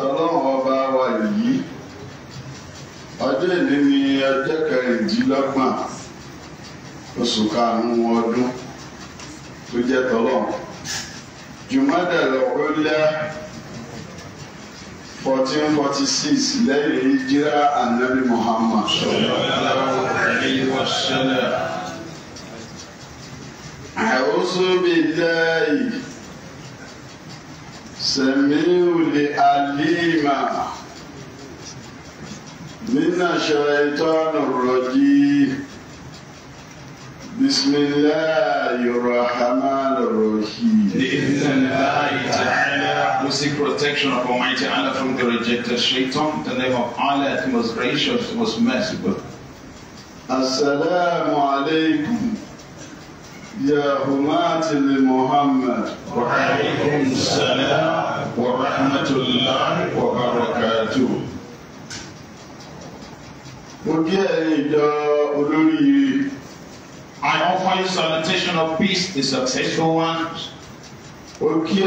ọlọ́run ọba wa yìí ọjọ́ ìní ni ọjọ́ kẹrìndínlọ́gbọ̀n oṣù karùn-ún ọdún tó jẹ́ tọ́lọ́run jùmọ́dẹ̀lẹ̀ ọ̀gbọ́nlẹ̀ fourteen forty six lẹ́yìn ìjírá anabi Muhammad. أعوذ بالله سميع عليم من الشيطان الرجيم بسم الله الرحمن الرحيم بإذن الله تعالى we seek protection of Almighty Allah from the rejected shaitan the name of Allah the most gracious the most merciful السلام عليكم يا همات لمحمد وعليكم السلام ورحمة الله وبركاته Okay, I offer you salutation of peace, the successful ones ó kí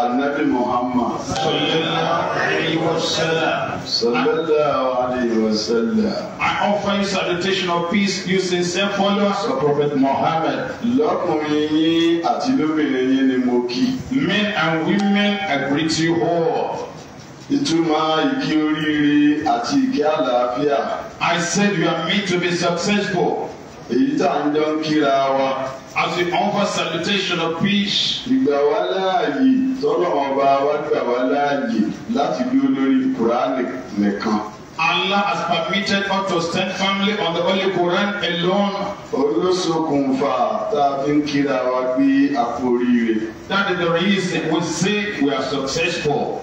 anabi muhammad. sallallahu alayhi wa sallam. sallallahu alayhi I offer you salutation of peace you sincere followers of prophet Muhammad. lọ́kùnrin yín àti lóbìnrin yín ni mo kí. men and women I greet you all. ìtumọ̀ ìkí oríire àti ìkí àlàáfíà. I said you are meant to be successful. èyí tá à ń jọ ń kíra wa as we offer salutation of peace. ìgbà wa láàyè tọ́lọ̀ ọba wa gbà wá láàyè láti dúró lórí Quran, nìkan. Allah has permitted us to stand firmly on the Holy Quran alone. Olóṣokùnfà tá a fi ń kíra wa pé a kú That is the reason we say we are successful.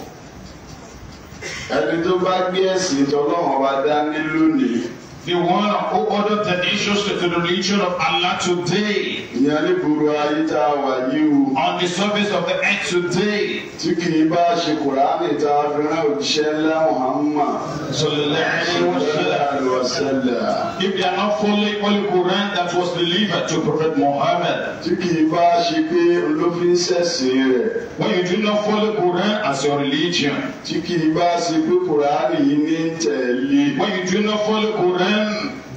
Ẹni tó bá gbé ẹ̀sìn tọ́lọ́run ọba dání lónìí. The one who ordered the nations to the religion of Allah today. Ìyẹn ní ayé tá a wà yìí On the service of the earth today. Tí kì í bá ṣe Kùránì tá a òjíṣẹ́ ńlá Muhammad. Sallallahu wa If they are not following only Quran that was delivered to Prophet Muhammad. Tí kì í bá ṣe pé olófin ṣẹ̀sìn rẹ̀. When you do not follow Quran as your religion. Tí kì í bá ṣe pé Kùránì yìí ní tẹ̀lé. When you do not follow Quran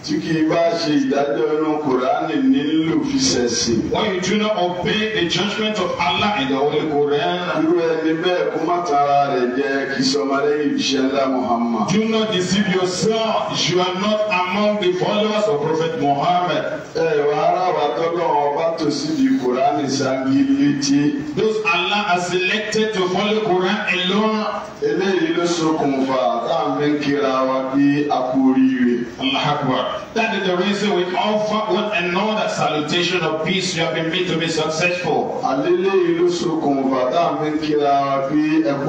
tí kì í bá ṣe ìdájọ́ inú Kùránì nílò fi When you do not obey the judgment of Allah in the Holy Quran. Irú ẹni bẹ́ẹ̀ kó má tara rẹ̀ jẹ kì í sọmọlẹ́yìn ìṣẹ̀lá Muhammad. Do not deceive yourself. You are not among the followers of Prophet Muhammad. Ẹ wà ara wa tọ́lọ́ ọba tó sì di Kùránì sangiliti. Those Allah has selected to follow Quran alone. Eléyìí ló ṣokùnfà táwọn fi ń kíra wa bí akóríyó. Allah That is the reason we offer one another salutation of peace. You have been made to be successful. Àlélé ìlú sokùn bàtà mi kíra bí ẹ̀kú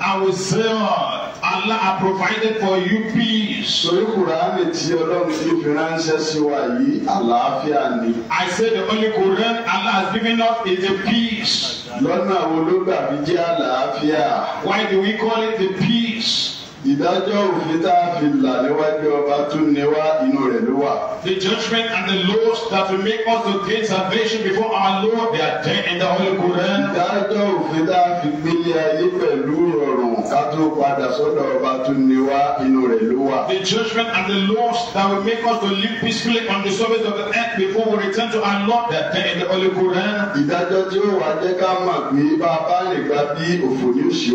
I will say, uh, Allah has provided for you peace. Sori Kùránì tí Ọlọ́run ti fi ránṣẹ́ sí wa yìí, ni. I say the only Quran Allah has given us is the peace. Lọ́nà wo ló gbàgbé jẹ́ Why do we call it the peace? ìdájọ́ òfin tá a fi là níwájú ọba tún ni wá inú rẹ̀ ló wà. the judgment and the laws that will make us to gain salvation before our Lord they are there in the Holy Quran. ìdájọ́ òfin tá a fi gbélé ayé pẹ̀lú rọrùn ká tó padà sọ́dọ̀ ọba tún ni wá inú rẹ̀ ló wà. the judgment and the laws that will make us to live peacefully on the surface of the earth before we return to our Lord they are there in the Holy Quran. ìdájọ́ tí ó wà jẹ́ ká mọ̀ pé bá nìkan bí òfò ní òṣì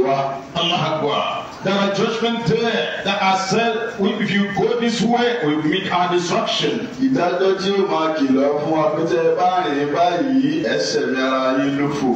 Allah akbar. There are judgment there that are said if you go this way we meet our destruction. Ìdájọ́ tí ó máa kìlọ̀ fún wa pé tẹ́ bá rìn báyìí ẹsẹ̀ mi ara yín ló fò.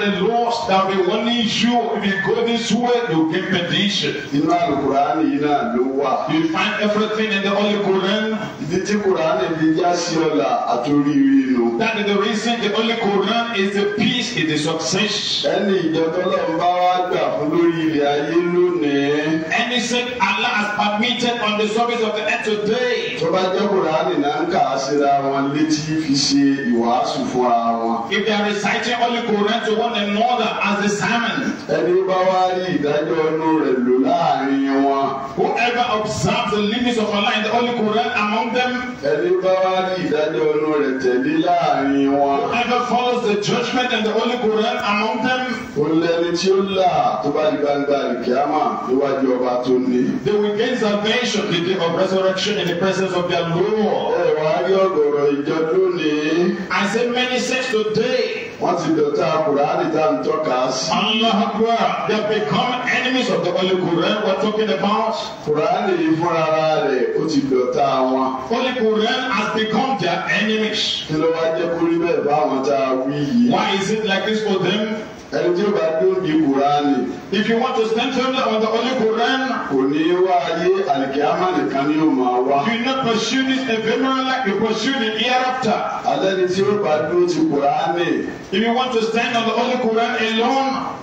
And the Lord that we warning you if you go this way you get perdition. Inú àlùkùránì yìí náà ló wà. You find everything in the Holy Quran. Ìdí tí Kùránì fi já sí ọ̀la àtòrí ìrìnnà. That is the reason the Holy Quran is the peace, it the success. Ẹni ìjọ tó lọ́n bá wá gbà fún lórí ilẹ̀ ayé lónìí lónìí. anything Allah has permitted on the surface of the earth today. tó bá jẹ́ Kùránì náà ń kà á síra wọn létí fi ṣe ìwàásù fúnra wọn. if they are reciting only Quran to one another as a sermon. ẹni bá wá rí ìdájọ́ inú rẹ̀ lò láàrin wọn. whoever observes the limits of Allah in the Holy Quran among them. ẹni bá wá rí ìdájọ́ inú rẹ̀ tẹ̀lé láàrin wọn. whoever follows the judgment and the only Quran among them. ó lẹni tí ó là tó bá di gbangba ìkíámà níwájú ọba tó ní. They will gain salvation the day of resurrection in the presence of their Lord. Ẹ wá rí ọ̀gọ̀rọ̀ ìjọ lónìí. I say many sects today. Wọ́n ti dọ̀tá Kùránì tá à ń tọ́ka sí. Allah Akbar, they have become enemies of the Holy Quran we are talking about. Kùránì fúnra rẹ̀ ó ti dọ̀tá wọn. Holy Quran has become their enemies. Kí ló wá jẹ́ kórìí bẹ́ẹ̀ bá àwọn tá a wí yìí? Why is it like this for them? ẹni tí ó bá dúró di kuraani. if you want to stand firmly on the holy Quran. kò ní wá ayé alikiyama nìkan ni yóò máa wá. you no pursue this ephemeral life you pursue the hereafter. alẹ́ ni tí ó bá dúró ti kuraani. if you want to stand on the holy Quran alone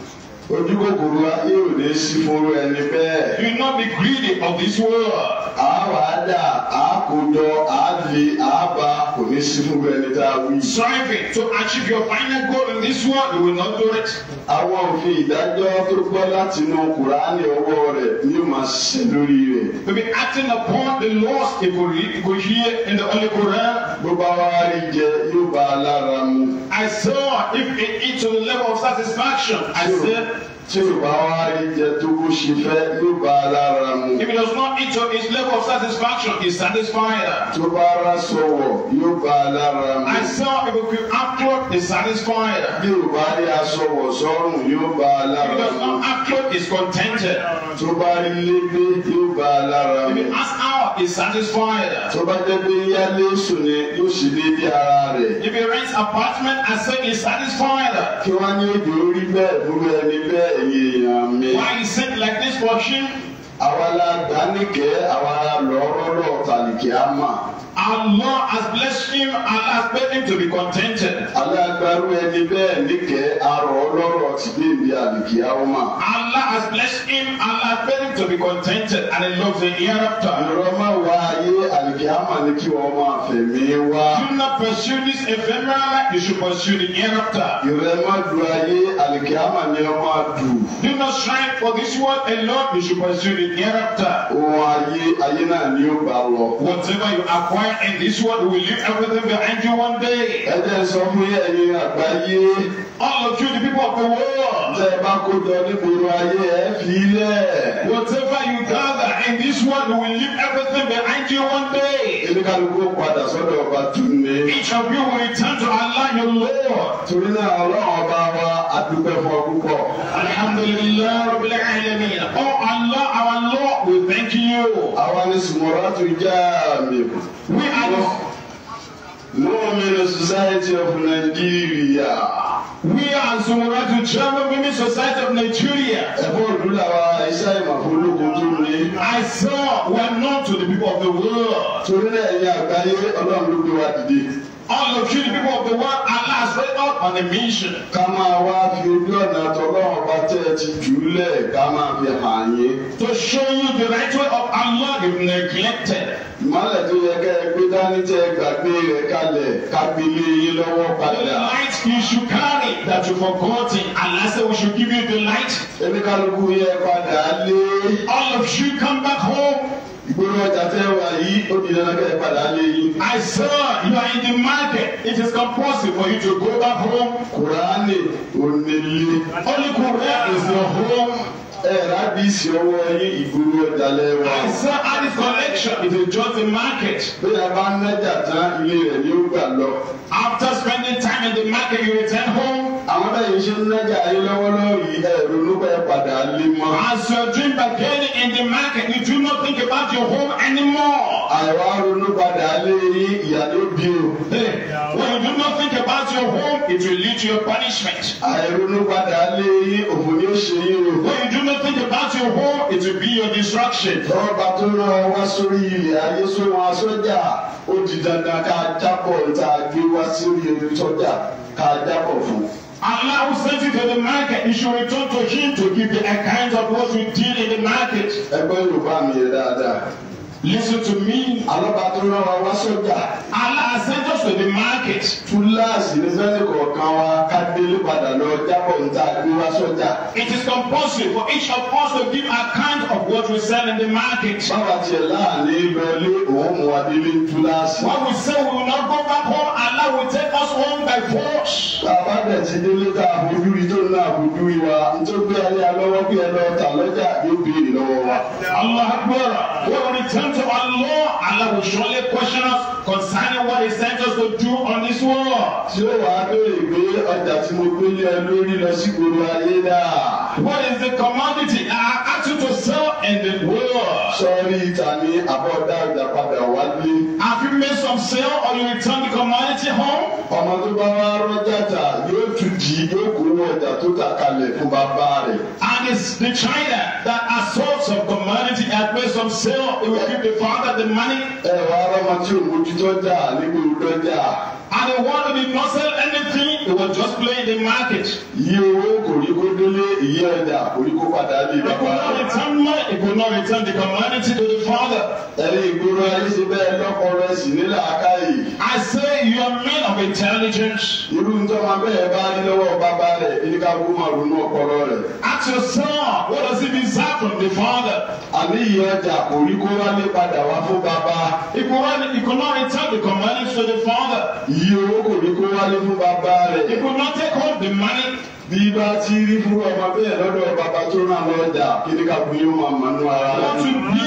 ojú kòkòrò ayé ò ní sí fúru ẹni bẹ́ẹ̀. do not be greedy of this world. àwa dà àkójọ àlè àbá kò ní sí fúru ẹni tá a wí. striving to achieve your final goal in this world you will not do it. àwọn òfin ìdájọ́ tó gbọ́ láti inú kùránì ọwọ́ rẹ̀ ni màá ṣe lórí rẹ̀. to be acting upon the laws you go read you hear in the holy Quran. bó bá wá rí jẹ yóò bá a lára mu. I saw if it eat to the level of satisfaction I said tí o bá rí jẹ tó bó ṣe fẹ́ yóò bá lára mu. if he does not eat to his level of satisfaction he is satisfied. tó bá ra sọ̀wọ̀ yóò bá a lára mu. I saw if he have cloth is satisfied. bí o bá rí aṣọwọ̀ sọ́rùn yóò bá lára mu. if he does not have cloth he is contented. tó bá rí lébé yóò bá lára mu. if he has hour is satisfied. tó bá jẹ́ pé yálé sùn ni yóò sì dédé ara rẹ̀. if he rents apartment I say he is satisfied. kí wọ́n ní èdè orí bẹ́ẹ̀ múlò ẹni bẹ́ẹ̀. Why he said like this portion? àwa la dánìkẹ́ àwa la lọ́rọ́rọ́ tàlìkì àmà. Allah has blessed him and has made him to be contented. Alágbárú ẹni bẹ́ẹ̀ níkẹ́ arọ̀ ọlọ́rọ̀ ti dé ìdí àlìkì àwọmà. Allah has blessed him and has made him to be contented and he loves the hereafter. Ìrọ̀ máa wá ayé àlìkì àmà ni kí wọ́n máa fẹ̀mí wá. Do not pursue this ephemeral life, you should pursue the hereafter. Ìrẹ̀ máa du ayé àlìkì àmà ni ọ máa dù. Do not strive for this world alone, you should pursue the the hereafter. Ohun ayé náà ni ó bá lọ. Whatever you acquire in this world will leave everything behind you one day. Ẹ jẹ́ sọ fún yẹn ẹ̀yin àgbáyé. All of you, the people of the world. Tẹ́ bá kó jọ nígboro ayé ẹ fi lẹ̀. Whatever you gather in this world, you will leave everything behind you one day. Elékàlùkù ó padà sọ́dọ̀ ọba túnde. Each of you will return to Allah your Lord. Torí náà ọlọ́run ọba wa a dúpẹ́ púpọ̀. Alhamdulilayi Rabbil Alamin. Oh Allah, our Lord, we thank you. Àwa ni Sùmọ́rọ́ tún já mi. We are. Women Society of Nigeria. We are Zumuratu German Women Society of Nigeria. I saw we are known to the people of the world. All of you the people of the world are last laid up on a mission. Ká máa To show you the right way of Allah you neglected ní tẹ gbàgbé rẹ̀ kalẹ̀ kágbélé yín lọ́wọ́ padà. the light you should carry that you forgot it Allah say we should give you the light. ẹni kálukú yẹ padà lé. all of you come back home. ìgbóná ọjà tẹ wà yìí ó di dandan kẹ́ ẹ padà lé yín. I saw you are in the market it is compulsory for you to go back home. Kùránì onílé. only Quran is your home ẹ rábì sí ọwọ́ yín ìgboro ọjà lẹ́wà. I saw at the collection in the Johnson market. bí a bá ń nájà tán ilé rẹ̀ yóò gbà lọ. After spending time in the market you return home ṣe ń nájà ayé lọ́wọ́lọ́wọ́ yìí ẹ̀rù nípa padà lé mọ́. As your dream begin in the market, you do not think about your home anymore. Àwa ronú padà lé yín ìyá bí o. When you do not think about your home, it will lead to your punishment. Àìronú padà lé yín òfò ni ó ṣe yín o. When you do not think about your home, it will be your destruction. Ọba tó rán wá sórí ilẹ̀ ayé sóhun ó di dandan ká jábọ̀ ìta gbé wá sórí ẹni tọ́jà ká jábọ̀ fún un. Allah who sent you to the market, you should return to Him to give the account of what you did in the market. Ẹgbẹ́ Yorùbá mi yẹ dáadáa. Listen to me. Alábàtúrò wa wá sọ́jà. Allah sent us to the market. Túláàsì ní sẹ́ni kọ̀ọ̀kan wa ká délé padà lọ jábọ̀ níta gbé wá sọ́jà. It is compulsory for each of us to give account of what we sell in the market. Bàbá tiẹ̀ láàlẹ́ ìbẹ̀lẹ́ òun mú wa délé When we say we will not go back home, Allah will take us home by force. Bàbá bẹ̀ ti délé tá a rí tó ní àbójú rí wa. Nítorí pé ayé alọ́wọ́ pé ẹ lọ tà lọ́jà yóò béèrè lọ́wọ́ wa. Allah gbọ́ra, wọ́n rí tán to Allah, Allah will surely question us concerning what He sent us to do on this world. Tí ó wàá béèrè pé ọjà tí mo gbé lé ọ lọ sí gbogbo ayé náà. What is the commodity I ask you to sell in the world? Sọ́ọ́rí ìta ni àbọ̀dá ọjà padà wálé. Àfi every of sale or you return the commodity home. ọmọ tó bá wá rọjà tà yóò tún jí yóò kó owó ọjà tó tà kalẹ̀ fún bàbá rẹ̀. and it's the china that assaults of community at place of sale it will give the father the money. ẹ wàá rọmọ tí òun ojútọ́ jà níbi òun lọ́jà. and the one who did not sell anything were just playing the market. Iye koríko délé iye ọjà koríko padà bí bàbá. It could return money, it return the commodity to the father. Ẹni ìgboro ayé ṣe bẹ́ẹ̀ lọ́kọ̀ọ́rẹ́ sì ní làákàyè. I say you are men of intelligence. Irú ntọ́mọ bẹ́ẹ̀ bá ní lọ́wọ́ bàbá rẹ̀ ẹni ká kó máa ronú ọpọlọ rẹ̀. Ask your son, what does he deserve from the father? Àní iye ọjà koríko wálé padà wá fún bàbá. It return the commodity to the father. Iye owó koríko wálé fún bàbá rẹ̀. He could not take all the money. Bí bá ti rí fún ọmọ bẹ́ẹ̀ lọ́dọ̀ bàbá tó ràn lọ́jà kí ni ká bu yóò máa mọ̀ nínú ara rẹ̀. Wọ́n ti bí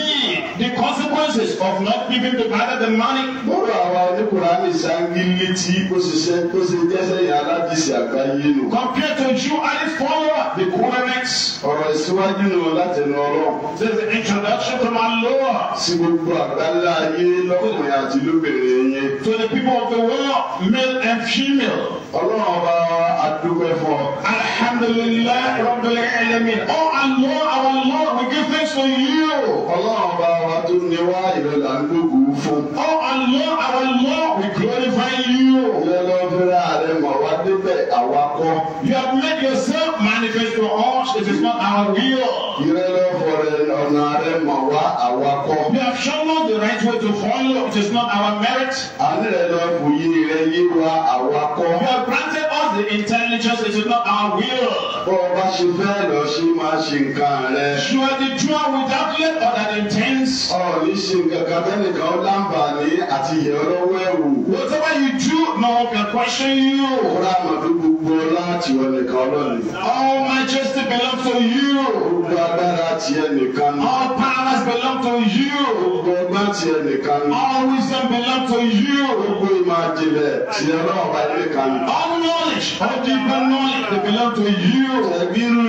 the consequences of not giving the father the money. lọ́rọ̀ àwa oníkùnrin sangili tí ó ṣiṣẹ́ ó ṣe jẹ́sẹ̀ yẹn aládìsí àgbáyé nù. compared to you and his follower the Quranites. ọ̀rọ̀ ìsíwájú nù láti nù ọlọ́run. this is the introduction to my lord. sí gbogbo àgbáńlá ayé lọ́kùnrin àti lóbìnrin yẹn. to the people of the world male and female. ọlọ́run ọba àdúgbò fún ọ. alhamdulilayi rabbil alamin. oh allah our lord we give thanks to you. ọlọ́run ọba wa tó ní wá ìrẹ̀ là ń lògùn fún. Oh Allah, our Lord, we glorify you. lọ fẹ́ra rẹ̀ mọ̀ wá débẹ̀ àwa kọ́. You have made yourself manifest to us, it is not our will. Ìrẹ̀ lọ fọ̀rẹ̀ ọ̀nà rẹ̀ mọ̀ wá àwa kọ́. You have shown us the right way to follow, it is not our merit. Àní rẹ̀ lọ fòye rẹ̀ yé wa àwa kọ́. You have granted us the intelligence, it is not our will. Bọ́ ọ bá ṣe fẹ́ lọ ṣe máa ṣe nǹkan rẹ̀. You are the true without let other intents ọ̀rọ̀ ní ṣe kankan tẹ́nìkan ó àti ìyẹn ọlọ́wọ́ ẹ̀ wò. whatever you do no one can question you. kódà màdó gbogbo ọlá tiwọn nìkan all majesty belong to you. gbogbo agbára tiẹ̀ nìkan ni. all powers belong to you. gbogbo ọgbọ́n tiẹ̀ nìkan ni. all wisdom belong to you. gbogbo ìmọ̀ àjẹlẹ̀ tiẹ̀ náà bá ilé ni. all knowledge all deeper knowledge they belong to you. ẹ̀bí rú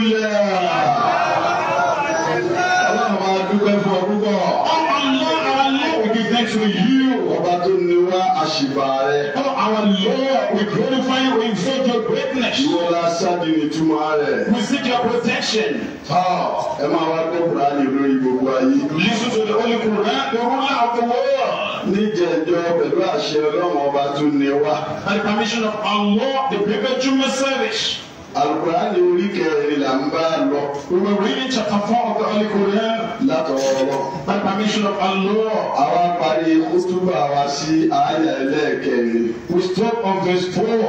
to you. Ọba tó ní wá àṣìbà rẹ. Oh our Lord we glorify you we exalt your greatness. Ìwọ la sáàdì ní túmọ̀ We seek your protection. Ah, ẹ máa wá gbọ́ Kùránì lórí gbogbo ayé. Listen to the only Quran the ruler of the world. Níjẹ̀jọ́ pẹ̀lú àṣẹ Ọlọ́run ọba tó ní wá. By the permission of our Lord, the people perpetual service alukurani orí kẹrin la ń bá lọ. we were reading chapter four of the holy Quran. látọ̀rọ̀. by permission of Allah. àwa parí kútúbà we stop on verse four.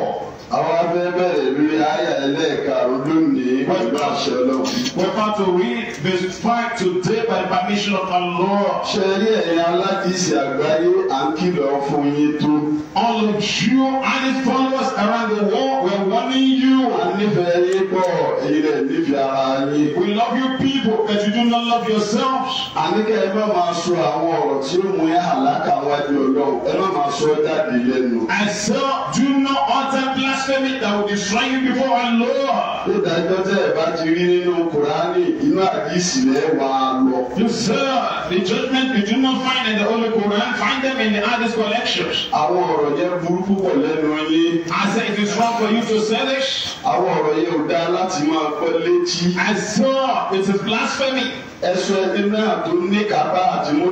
Àwọn afẹ́ bẹ̀rẹ̀ àyà ẹlẹ́ẹ̀karùn lónìí pẹ̀lú àṣẹ Ọlọ́run. We want to read verse five today by the permission of our Lord. Ṣé rí ẹ̀yin alákìísí àgbáyé à ń kìlọ̀ fún yín tó? All of you and his followers around the world we are warning you. A nífẹ̀ẹ́ yín pọ̀ ẹ̀yin rẹ̀ nífẹ̀ẹ́ ara yín. We love you people but you do not love yourselves. Àníkẹ́ ẹ má máa sọ àwọn ọ̀rọ̀ tí ó mú ẹ́ àlákà Ọlọ́run. Ẹ má máa sọ jáde lẹ́nu. I say do not utter blasphemy blasphemy that will destroy you before Allah. Ní ìdájọ́ tẹ́ ẹ bá ti rí nínú Kùránì, inú àdìsí lẹ́ wàá lọ. You sir, the judgment you do not find in the Holy Quran, find them in the Hadith collections. Àwọn ọ̀rọ̀ yẹn burú púpọ̀ lẹ́nu yín. I say it is wrong for you to say this. Àwọn ọ̀rọ̀ yẹn ò dáa láti máa pẹ́ létí. I saw it is blasphemy ẹsọ ẹni náà tó ní kápá àti mú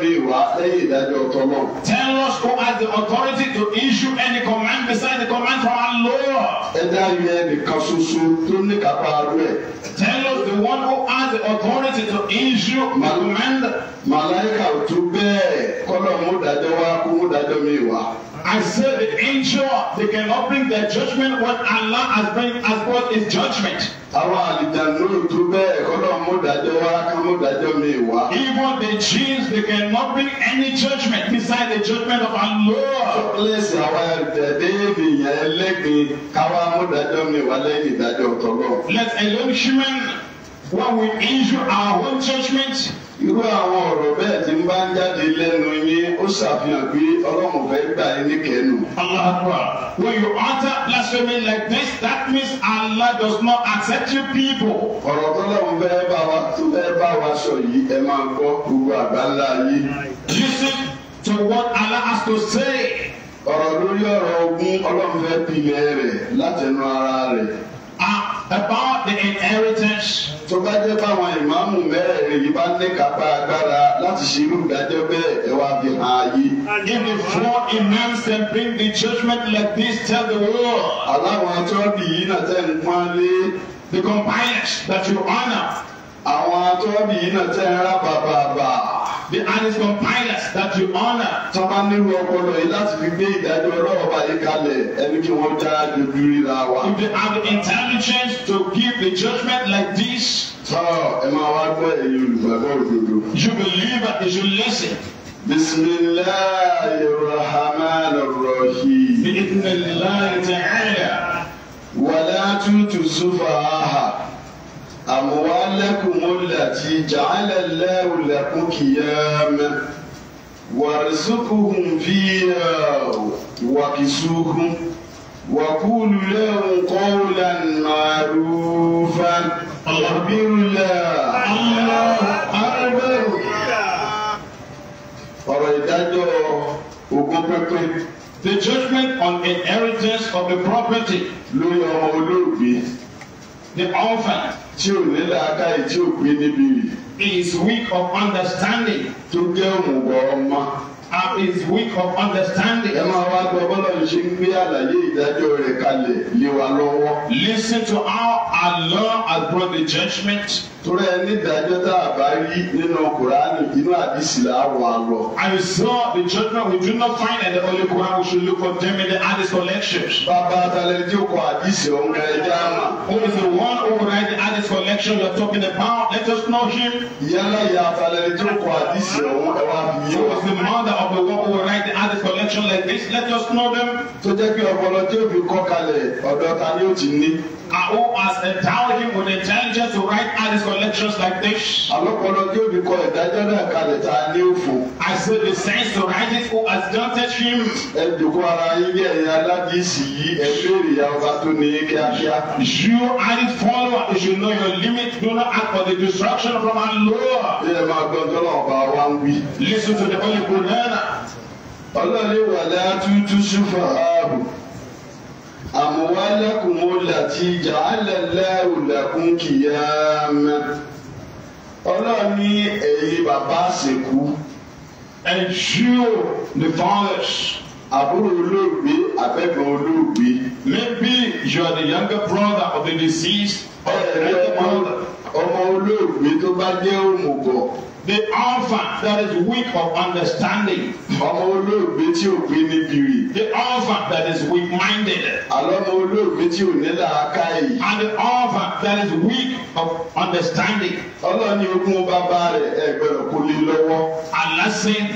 mi wá lẹ́yìn ìdájọ́ ọ̀tọ̀ náà. Tell us who has the authority to issue any command besides the command from Allah our Lord. Ẹ̀dá yẹn nìkan ṣoṣo tó ní kápá rẹ̀. Tell us the one who has the authority to issue command. Màláìkà ò tó bẹ́ẹ̀ kọ́lọ̀ mú dájọ́ wá kó mú dájọ́ mi wá. I said the angel, they cannot bring their judgment when Allah has, bring, has brought is judgment. Even the Jews they cannot bring any judgment beside the judgment of Allah. Let alone human when we issue our own judgment irú àwọn ọ̀rọ̀ bẹ́ẹ̀ tí ń bá ń jáde lẹ́nu yín ó ṣàfihàn pé ọlọ́run fẹ́ gbà yín níkẹ́nu. Allah akbar when you utter blasphemy like this that means Allah does not accept you people. ọ̀rọ̀ tọ́lọ́run fẹ́ bá wa tó fẹ́ bá wa sọ yìí ẹ máa gbọ́ gbogbo àgbáńlá yìí. listen to what Allah has to say. ọ̀rọ̀ lórí ọ̀rọ̀ ogun ọlọ́run fẹ́ pilẹ̀ rẹ̀ látẹnu ara rẹ̀. Ah, about the inheritance. tó bá jẹ́ báwọn ìmáàmù mẹ́rẹ̀ẹ̀rin yìí bá ní kápá agbára láti ṣe irú ìdájọ́ bẹ́ẹ̀ ẹ wá fi hàn ayé. if the four imams dem bring the judgment like this tell the world. aláwọn tọ́ọ̀dì yìí náà tẹ̀ ń pọ́n lé. the companions that you honour. àwọn tọ́ọ̀dì yìí náà tẹ̀ ń rà bàbàbà. The and it's that you honour. Sábà nínú ọpọlọ yìí láti fi gbé ìdájọ́ ọlọ́wọ́ báyìí kalẹ̀ ẹni kí wọ́n já dojú ríra wa. If they have the intelligence to give a judgment like this. Sọ ẹ máa wá gbọ́ ẹ̀yin olùgbàgbọ́ òdodo. You believe that you should listen. بسم الله الرحمن الرحيم. بإذن الله تعالى. ولا تؤتوا أموالكم التي جعل الله لكم قياما وارزقهم فيها وكسوهم وقولوا لهم قولا معروفا أكبر الله الله أكبر ọ̀rọ̀ The judgment on inheritance of the property. The orphan tí ò ní làákàyè tí ò pé níbí rẹ̀. is weak of understanding. tó jẹ́ òmùgọ̀ ọmọ. and is weak of understanding. ẹ máa wá gbọ́ bọ́lá ń ṣe ń gbé àlàyé ìdájọ́ rẹ̀ kalẹ̀ lé wa lọ́wọ́. listen to how Allah has brought the judgment torí ẹ ní tá a bá rí nínú kùránì inú àdìsí là á lọ. and saw the judgment we do not find in the holy Quran we should look for them in the hadith collections. bàbá àtàlẹ́ tí àdìsí ọ̀hún ẹ̀ já mà. who is the one who write the hadith collection you are talking about let us know him. ìyá náà yà àtàlẹ́ tí àdìsí ọ̀hún ẹ̀ wá fi who is the mother of the one who write the hadith collection direction like this let us know them. tó jẹ́ pé ọpọlọ tí òbí kọ́ kalẹ̀ ọ̀dọ̀ ta ni ó ti ní. and who has endowed him with intelligence to write artists or lectures like this. àlọ́pọ̀lọ tí òbí kọ ìdájọ́ náà kalẹ̀ ta ni ó fò. I say the sense to write it who has doubted him. ẹ dùkú ara yín bí ẹ̀yin aládìsí yìí ẹ béèrè ya ọba tó ní kíákíá. you are the follower you should know your limit do not act for the destruction from our Lord. ẹ máa gbọ́dọ̀ náà wa ń wí. listen to the holy Quran ọlọ́ni wà látúntú ṣùfà ààbò àmúwá lẹ́kùnmó láti ìjà alẹ́lẹ́rù lẹ́kùn kìyàmẹ́ ọlọ́ni ẹ̀yin bàbá àsìkú ẹ̀jú the forest àbúrò olóògbé abẹ́gbẹ́ olóògbé. maybe you are the younger brother of the deceased or ọmọ olóògbé tó bá jẹ́ òmùgọ̀ the orphan that is weak of understanding. ọmọ olóògbé tí ò pé níbi rì. the orphan that is weak minded. àlọ́ olóògbé tí ò ní làákàyè. and the orphan that is weak of understanding. ọlọ́ni ogún bàbá rẹ̀ ẹgbẹ̀rún kò lè lọ́wọ́. Allah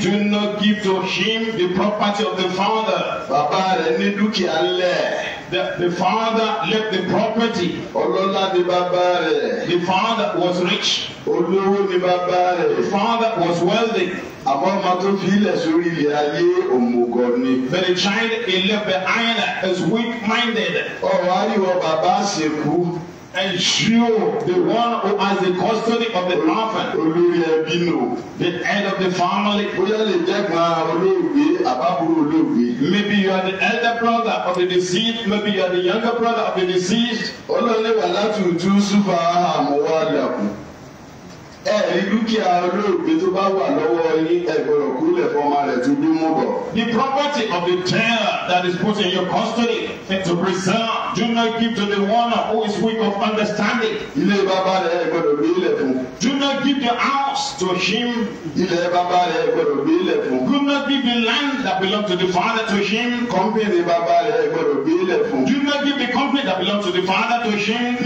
do not give to him the property of the father. bàbá rẹ̀ ní dúkìá lẹ̀. The, the father left the property. ọlọ́lá ni bàbá rẹ̀. the father was rich. olówó ni bàbá rẹ̀ father was wealthy. Àmọ́ ọmọ tó fi ilẹ̀ sórí ilẹ̀ ayé òmùgọ̀ ni. But the child he left behind is weak-minded. Ọ̀rọ̀ àríwọ̀ bàbá ṣèkú. And you, the one who has the custody of the orphan. Olórí ẹbí nù. The head of the family. Bóyá lè jẹ́ gan olóògbé àbábúrò olóògbé. Maybe you are the elder brother of the deceased. Maybe you are the younger brother of the deceased. Olóòlé wà láti ojú súpà àmúwádàkùn ẹ̀rí dúkìá olóògbé tó bá wà lọ́wọ́ yín ẹ̀gbọ́dọ̀ kúrúlẹ̀ fọmọ rẹ̀ tó bí mú bọ̀. The property of the tenant that is put in your custody to preserve. Do not give to the one who is weak of understanding. Do not give the house to him. Do not give the land that belongs to the father to him. Do not give the company that belongs to the father to him.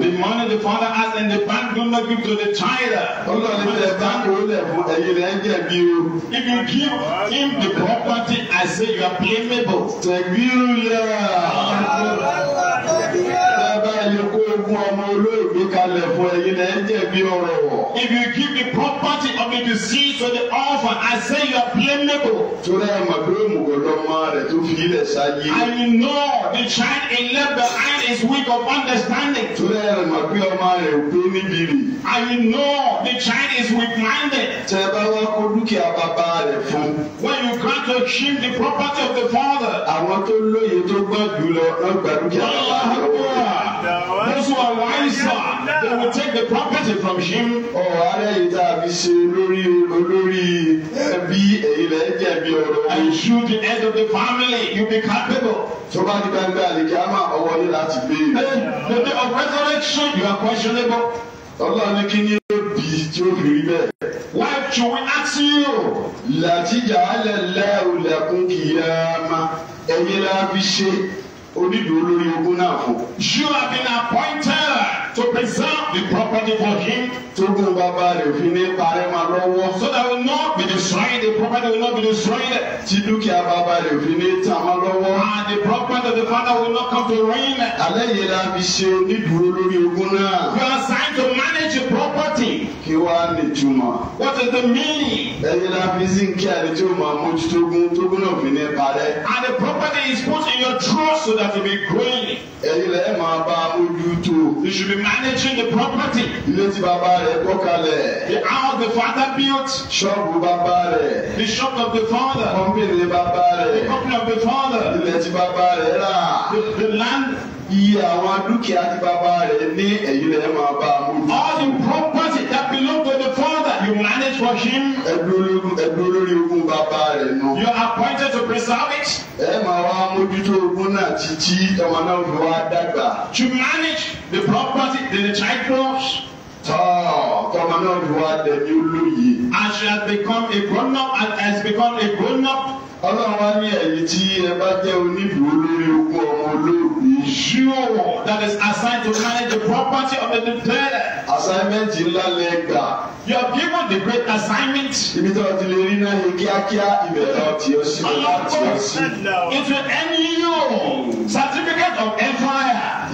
The money the father has in the bank do not give to the child. If you give him the property, I say you are blaming neighbors. Tekbirullah. kalẹ̀ fún ẹ̀yin lẹ́ ń jẹ̀bi ọ̀rọ̀ wọ̀. If you give the property of the deceased to the orphan I say you are blameable. Torí ẹ̀ mà pé òmùgọ̀ lọ́mọ rẹ̀ tó fi ilẹ̀ ṣáájú. I know the child in left behind is weak of understanding. Torí ẹ̀ mà pé ọmọ rẹ̀ ò pé níbi rè. I know the child is weak-minded. Tẹ bá wá kó dúkìá bàbá rẹ̀ fún. When you grant to achieve the property of the father. Àwọn tó lóye tó gbọ́ jùlọ lọ́gbàdúkìá bàbá rẹ̀ wọ̀. Those who are wiser. I will take the property from him. ọ̀hárẹ́ yìí tá a fi ṣe olórí olórí ẹbí èyí lẹ́ jẹ̀bi ọ̀rọ̀. and you the head of the family you be culpable. tó bá di gbangba àlejò àmà ọwọ́ yìí láti béèrè. E. the day of resurrection you are questionable. ọlọ́run ní kí ni ó bí tí ó fi rí bẹ́ẹ̀. why should we ask you. làtijọ́ alẹ́ lẹ́hùn lẹ́kùn kìí ẹ̀ máa ẹ̀yin la fi ṣe onídùú olórí ogún náà fún. you have been appointed to preserve the property for him. tó gun bàbá rẹ̀ fi ní parẹ́ máa lọ́wọ́. so that will not be the the property will not be destroyed. Tí ababa bàbá rẹ̀ fi ní tamọ́ lọ́wọ́. And ah, the property of the father will not come to ruin. Alẹ́ yìí la fi ṣe onídùúró lórí ogún náà. You are assigned to manage your property. Kí wàá lè jùmọ̀. What is the meaning? Ẹyin la fi sí kí àlejò máa mójútó ogún tógún náà fi ní parẹ́. And the property is put in your trust so that it may grow. Ẹyin la ẹ máa bá mójútó. You should be managing the property. Ilé tí bàbá rẹ̀ kọ́ kalẹ̀. The house the father built. Ṣọ́ọ̀bù bàbá rẹ̀ rẹ̀. The shop of the father. Kọ́mpìnì bàbá rẹ̀. The company of the father. Ilẹ̀ tí bàbá rẹ̀ rà. The the land. Iye àwọn dúkìá tí bàbá rẹ̀ ní ẹ̀yìn rẹ̀ máa bá a mú. All the property that belong to the father you manage for him. Ẹ̀dùn olórí ogun bàbá rẹ̀ nù. You are appointed to preserve it. Ẹ máa wá mójútó ogun náà títí ọmọ náà fi wá dàgbà. To manage the property the child loves. Tọ́ ọmọ náà fi wá dẹ̀ ní olóyè she has become a grown up and has become a grown up. Ọlọ́run wá ní ẹ̀yin tí ẹ bá jẹ́ onídùúró lórí ogún ọmọ olóògbé. You that is assigned to manage the property of the declared. Assignment ńlá lẹ gbà. You are given the great assignment. Ibi tí wọ́n ti lè rí náà ní kíákíá ìbẹ̀rẹ̀ ọtí ọsí. Ọlọ́pàá if you end you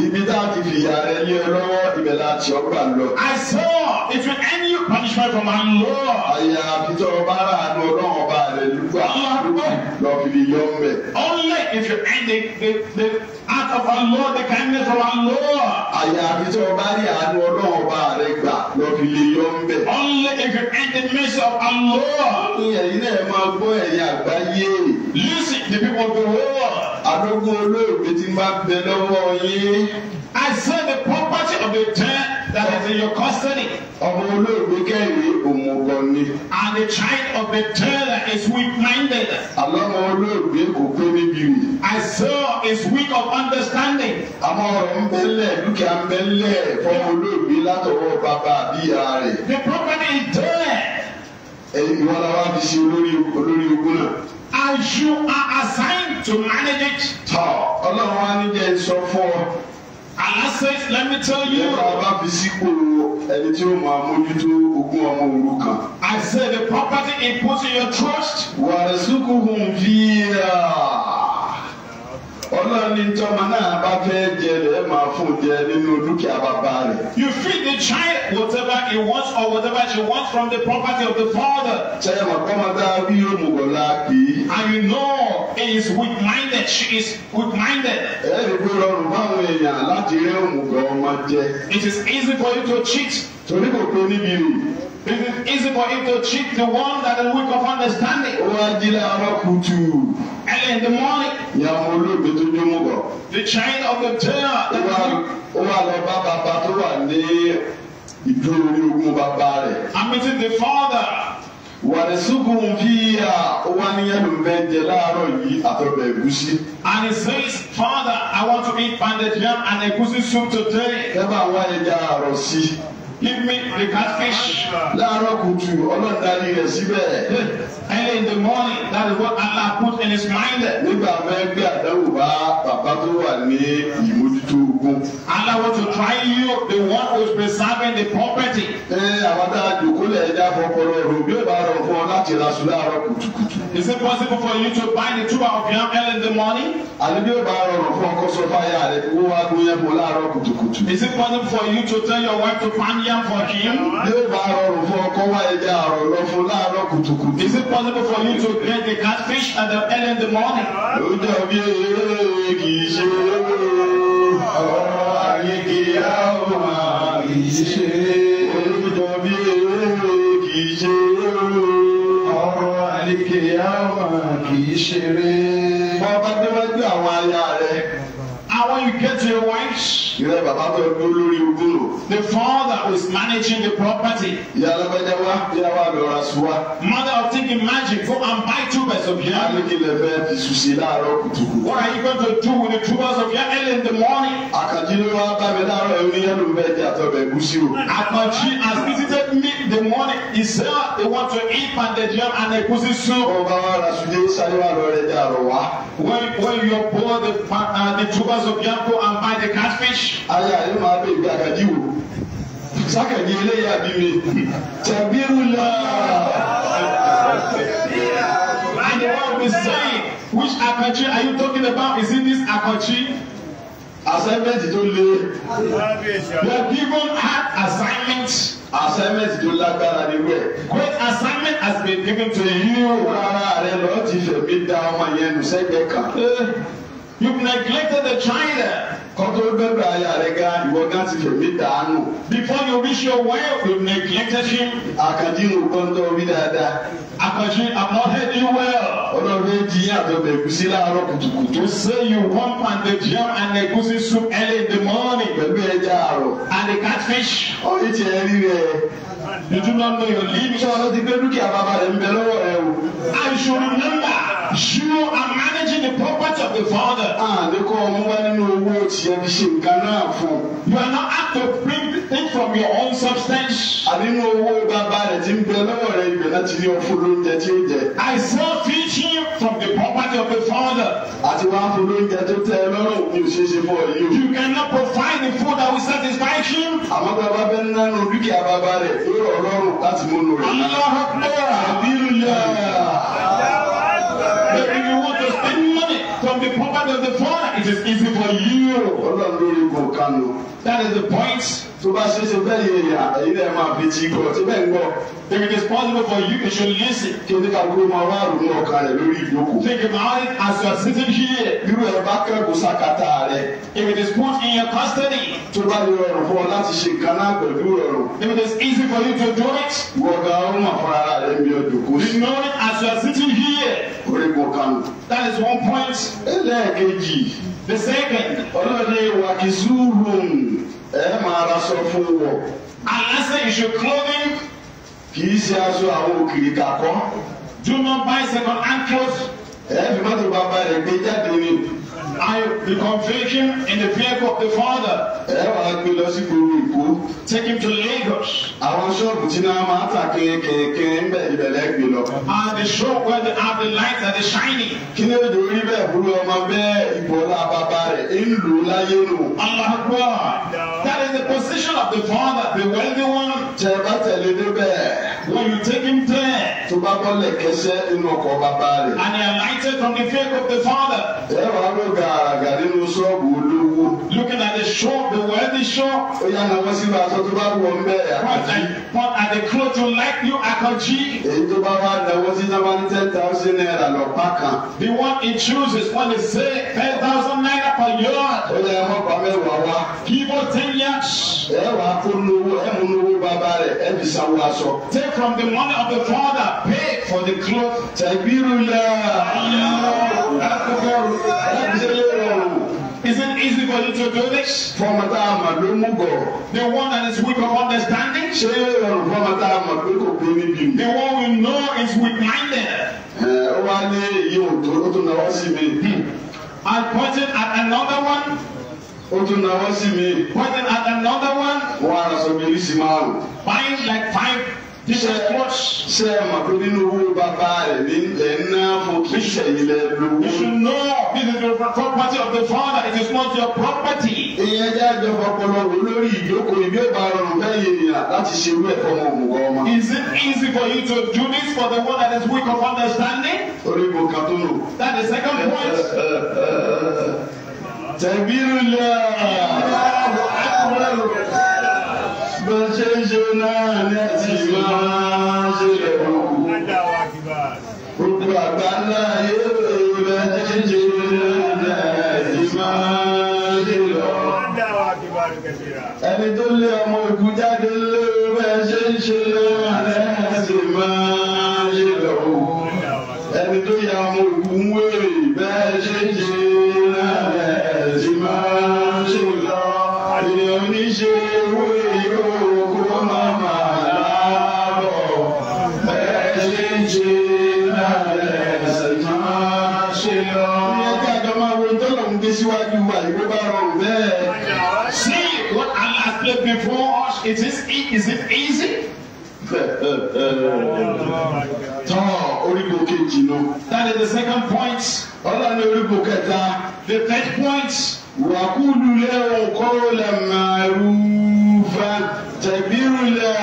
ibi tá a ti fìyà rẹ lé lọ́wọ́ ibẹ̀ la ti ọgbà lọ. I saw if will end punishment from my Lord. àyà àfitọ́ ọba aráàánú ọlọ́run ọba hallelujah only if you end the the the act of our Lord the kindness of our Lord. àyà àbíjọ́ bá rí àánú ọlọ́run ọba only if you end the mercy of our Lord. listen the people of the world. àdógún olóògbé ti máa bẹ lọ́wọ́ yín. I said the property of the church that is in your custody. ọmọ olóògbé kẹ́hìnrí òmùgọ̀ ni. and the child of the tailor is weak-minded. àlọ́mọ olóògbé kò pé níbi rè. I saw is weak of understanding. àmọ́ ọ̀rọ̀ ń bẹ́lẹ̀ dúkìá ń bẹ́lẹ̀ fọmọ olóògbé látọwọ́ bàbá àbíyá rẹ̀. the property is there. ẹ̀yin ìwọ la wá fi ṣe olórí olórí ogun náà. as you are assigned to manage it. tọ́ ọlọ́run á ní jẹ́ sọ fún ọ. I say, let me tell you. Nípa bá fi sípò ẹni tí ó máa mójútó ogún ọmọ òrukàn. I say the property in putting your trust. Wàrẹ̀ sùkúrù ń fi yà. Ọlọ́run ní tọ́mọ náà bá fẹ́ jẹ rẹ̀ máa fún jẹ nínú dúkìá bàbá rẹ̀. You feed the child whatever he wants or whatever she wants from the property of the father. Ṣé ẹ mọ̀ kọ́mọdé wí òmùgọ̀ láàkì? And you know he is weak-minded she is weak-minded. Ẹ rí rọrùn fáwọn èèyàn láti rí òmùgọ̀ ọmọ jẹ. It is easy for you to cheat torí kò tó níbi rẹ̀. It is easy for him to cheat the one that is weak of understanding. Ó wá jí láàárọ̀ kùtù. Early in the morning. Ìyàwó olóògbé tó jó mú bọ̀. The child of the tailor. Ó wà lọ bá bàbá tó wà ní ìdúró orí ogún bàbá rẹ̀. I'm meeting the father. Wàrẹ̀sùkùn fi à wá níyẹn ló bẹ jẹ láàárọ̀ yìí àtọ̀bẹ̀ ẹ̀gúsí. And he says, Father, I want to eat pounded yam and egusi soup today. Ẹ bá wá ẹja àrọ̀ sí Give me the catfish. Láàárọ̀ kùtù Ọlọ́run darí rẹ̀ síbẹ̀. Early in the morning that is what Allah put in his mind. Nígbà mẹ́ gbé àdáwò bá bàbá tó wà ní ìmójútó ogún. Allah want to try you the one who is preserving the property. Ẹ àwọn tá a jòkó lẹ̀ ẹ́ dá fọpọlọ bí ó bá rọ láti ra sùn láàárọ̀ Is it possible for you to buy the two of yam early in the morning? àní bí ó bá rọrùn fún ọkọ sọ fáyà rẹ kó wá gbóyè bò láàárọ̀ kùtùkùtù. Is it possible for you to tell your wife to find yam for him? bí ó bá rọrùn fún ọkọ wá ẹja àrọ̀ lọ fún láàárọ̀ kùtùkùtù. Is it possible for you to get the catfish at the early in the morning? ó dàbí eré kì í ṣe ọ̀rọ̀ ayé kì í á wà kì í ṣe olùdàbí eré kì í ṣe àlèkè àwọn kì í ṣeré. bọ́ọ̀ bá gbé wá àwọn aya rẹ̀ when you get to your wife, Ìrẹ́ bàbá tó dúró lórí ogúnrò. The father who is managing the property. Ìyá alábẹ́jẹ́ wá ìyá wa lọ ra sùn wá. Mother of thinking magic go and buy tubers of yam. Alekele bẹ́ẹ̀ fi ṣùṣe láàárọ̀ kùtùkùtù. What are you going to do with the tubers of yam early in the morning? Àkànjí ló wá bá mi láàárọ̀ ẹ̀ ní yẹ́lò bẹ́ẹ̀ di àtọ̀bẹ̀ ẹ̀gúsí o. Àkànjí has visited me the morning. He said he want to eat pounded yam and ẹ̀gúsí soup. Ọba wa ra sùn dé sáyé lọ rẹ̀ dé àrọ̀ wá. When when you pour the, uh, the tubers of Yanko and buy the catfish. ayé be máa bẹ ìgbé àgàjì wò sákàjì eléyìí àbí mi tẹ̀gbí wúlò. and the one we say which akachi are you talking about is it this akachi. assignment tó le. the people had assignment. assignment to lágbára ni wẹ̀. great assignment has been given to you. rárá rẹ lọ́ọ́ ti fẹ̀mí da ọmọ yẹn nù sẹ́gbẹ̀ẹ́ kan. Eh, You've neglected the child. Kọ́tọ́ bẹ́bẹ̀ ayé rẹ̀ ga ìwọ gán ti dànù. Before you reach your wealth, you've neglected him. Àkàndí ló gbọ́ndọ̀ orí dáadáa. Àkàndí I'm not heard you well. Ọlọ́run ẹ di àdọ̀bẹ̀ ẹ̀gúsí láàárọ̀ kùtùkùtù. You say you want pound the jam and the egusi soup early in the morning. Pẹ̀lú ẹja àrọ̀. And the catfish. Oyin ti ẹ rí You do not know your limit. Sọ ọlọ́dún pé dúkìá bàbá rẹ̀ ń bẹ lọ́wọ́ rẹ̀ o. I should remember. You are managing the property of the father. Àní ah, kọ́ ọmú wá nínú owó tiẹ̀ fi ṣe nǹkan náà fún. You are not apt to bring it from your own substance. Ànínú owó bàbá rẹ̀ ti ń bẹ lọ́wọ́ rẹ̀ ibẹ̀ láti rí ọ̀fun lóúnjẹ tí ó jẹ. I saw teaching from the property of the father. Àti wá fún lóúnjẹ tó tẹ́ ẹ lọ́rùn ní òṣèṣe fún yìí You cannot provide the food that will satisfy him. Àmọ́ bí a bá fẹ́ nánú dúkìá bàbá rẹ̀ yóò rọ̀ ọlọ́run láti mú un lò rẹ̀. Allah akbar. Àbí lulẹ̀. But if you want to spend money from the pocket of the foreigner, it is easy for you. That is the point. Tó If it is possible for you, you should listen. Kí Think about it as you are sitting here. If it is put in your custody. If it is easy for you to do it. Wọ̀gá ọmọ You know it as you are sitting kó kánú. that is one point. ẹlẹ́ẹ̀kejì. the second. ọlọ́dẹ wàkìsúrùn ẹ máa raṣọ fún wọ. Allah say you should clothe him. kì í ṣe aṣọ àwọn òkìrì kàkọ́. do not buy second hand clothes. ẹ fi mọ́tò bàbá rẹ̀ gbé jáde ní. I the confession in the fear of the father. Ẹ wàá lọ sí gbogbo Èkó. Take him to Lagos. Àwọn ṣọ́ọ̀bù tí náà máa ta kẹ́kẹ́kẹ́ ń bẹ̀ ìbẹ̀lẹ̀ gbé lọ. And the shop where they have the lights and the shining. Kí ni èdè orí bẹ́ẹ̀ burú ọmọ bẹ́ẹ̀ ìbọ̀lá bàbá rẹ̀ ń lò láyé nù. Alahakwa. That is the position of the father, the wealthy one. Tẹ̀ bá tẹ̀lé débẹ̀. When you take him there tó bá bọ́lẹ̀ kẹsẹ́ inú ọkọ̀ bàbá rẹ̀. and he are from the faith of the father. ẹ wà ló gàràgà nínú ṣọ́ọ̀bù olówó. looking at the shop the wealthy shop. ó yà náwó sí bá aṣọ tó bá wọ ń bẹ̀ àkàjì. what are the clothes you like you àkàjì. èyí tó bá wà náwó sí náà wà ten thousand naira lọ pa kan. the one he chooses when they say ten thousand naira per yard. ó yà ẹ̀mọ́ pàmẹ́ wà wá. give ten yards. ẹ wà á kó lówó ẹ mú lówó bàbá rẹ̀ ẹ bì sanwó aṣọ. take from the money of the father. Pay for the cloth. Tàbírùlá. Akọ̀kọ̀rù. Lábẹ́lẹ́rọ̀. Is it easy for you to do this? Fọmọta Amadu Mugọ. The one that is weak of understanding. Ṣé ìrọ̀rùn fọmọta Amadu kò gbé níbi? The one we know is weak-minded. Ẹ ọ wá ní èyí ò ó tún náwó sí mi. Hmm. I pointed at another one. Ó tún náwó sí mi. Pointed at another one. Wọ́n á sọ mi ní sí márùn. Five like five tíṣe ṣe mọ̀ pé nínú owó bàbá rẹ̀ ní ẹ̀ ń ná fún kí ṣẹ̀yìn lẹ lówó. you should know this is the property of the father it is not your property. ìyẹn jẹ́ àjọ ọpọlọ wò lórí ìjókòó ìbí ọba rọrùn fẹ́yìn ènìyàn láti ṣe irú ẹ̀fọ́ ọmọ òmùgọ̀ ọmọ. is it easy for you to do this for the one that is weak of understanding. orígun kan tó lò. that is second eh, eh, point. Eh, tẹ̀bí rúlẹ̀ bẹ́ẹ̀ ṣe ń ṣe náà ní àti máa ń ṣe ẹ̀kọ́. Gbogbo àgbáńlá yóò rẹ̀ jíjẹ ẹ̀jẹ̀ máa ń ṣe lọ. Ẹni tó lé ọmọ ogun jáde lé rẹ̀ ṣe ń ṣe lọ́wọ́ rẹ̀ ẹ̀jẹ̀ máa ń ṣe lọ. Ẹni tó ya ọmọ ogun. is it easy? tọ́ orígun kejì nù. that is the second point. ọlọ́run ní orígun kẹta. the third point. wàkúlù lẹ́wọ̀n kọ́ lẹ́mọ̀ ẹ̀rú fa tẹ̀bírù lẹ́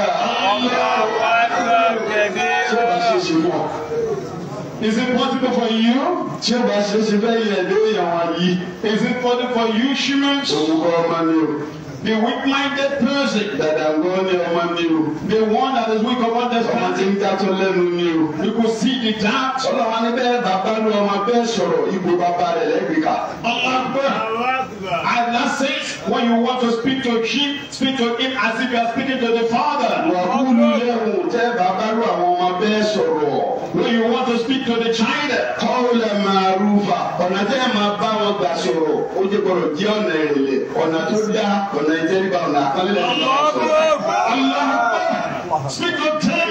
Is it possible for you? Ṣé bá ṣe ṣe bẹ́ẹ̀ yẹ̀ lórí àwọn yìí? Is it possible for you, Shimon? Òun kọ́ ọmọ ni o. The weak-minded person. Dàdàgbọ́ ni ọmọ mi o. The one that is weak of understanding. Ọmọ tí ń dátọ́ lẹ́nu ni o. You could see the doubt. Ọlọ́run ni bẹ́ẹ̀ bàbá ni ọmọ bẹ́ẹ̀ sọ̀rọ̀ ipò bàbá rẹ̀ lẹ́gbẹ̀ẹ́ ká. Ọlọ́gbọ́n. Allah says when you want to speak to him speak to him as if you are speaking to the father. Wàhùn lẹ́hùn tẹ́ bàbá lu àwọn ọmọ bẹ́ẹ̀ sọ̀rọ̀ when you want to speak to the child. kọ́ọ̀lẹ̀ màrúfà uh, ọ̀nà tẹ́ ẹ máa bá wọn gbà sọ̀rọ̀ ó jẹ́ gbọ́dọ̀ jẹ́ ọ̀nà ìrìnlẹ̀ ọ̀nà tó dá ọ̀nà ìjẹ́ríba ọ̀nà àkọlẹ̀ Speak of them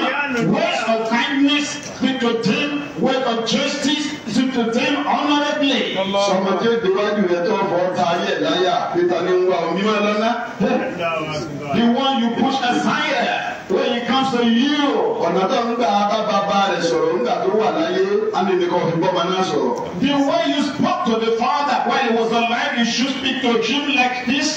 words of kindness, speak of them words of justice, speak to them honorably. Sọmọ tí ó déwájú rẹ̀ tó fọ́ ta ayé láyà, Peter ní ń wá omi wọn lọ́nà. The one you push aside when it comes to you. ọ̀nà tó ń gbà bá bàbá rẹ̀ sọ̀rọ̀ nígbà tó wà láyé amínìkan fi bọ́ ọmọ náà sọ̀rọ̀. the way you spoke to the father while he was alive you should speak to him like this.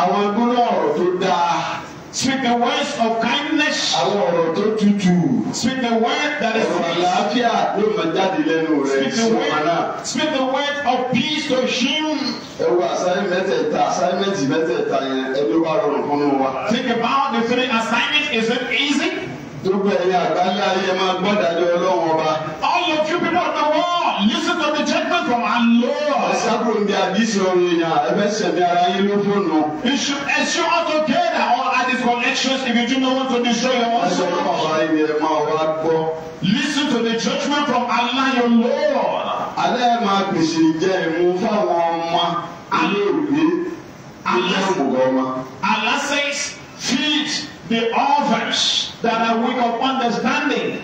àwọn gbólóhùn ọ̀rọ̀ tó dáa. Speak the words of kindness. Àwọn ọ̀rọ̀ tó tutù. Speak the word that is peace. Ọ̀rọ̀ àlàáfíà yóò máa jáde lẹ́nu rẹ̀ sọ̀mọ́nà. Speak the word of peace to him. Ẹ wo assignment ẹ̀ta assignment mẹ́tẹ̀ẹ̀ta yẹn ẹ ló wá rọrùn fún wa. Think about the three assignments. Is it easy? gbogbo ẹ̀yin àgbáyé ayé máa gbọ́dájọ́ ọlọ́run ọba. all of you people of the world listen to the judgment from our lord. ẹ sábòrò bí àdìsí ọ̀run èèyàn ẹgbẹ́ sẹ̀mí ara yín ló fóònù. you should ensure to get all our disconnections if you do not want to destroy your own soul. ẹ sọ fún ọba ibi máa wá gbọ́. listen to the judgment from Allah your lord. alẹ́ máa pèsè ìjẹ́ ìmú fáwọn ọmọ ilé ìwé ilé ìmùgọ̀ ọmọ. Allah says feed the orphans. that are weak of understanding.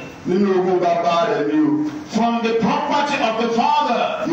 from the property of the father.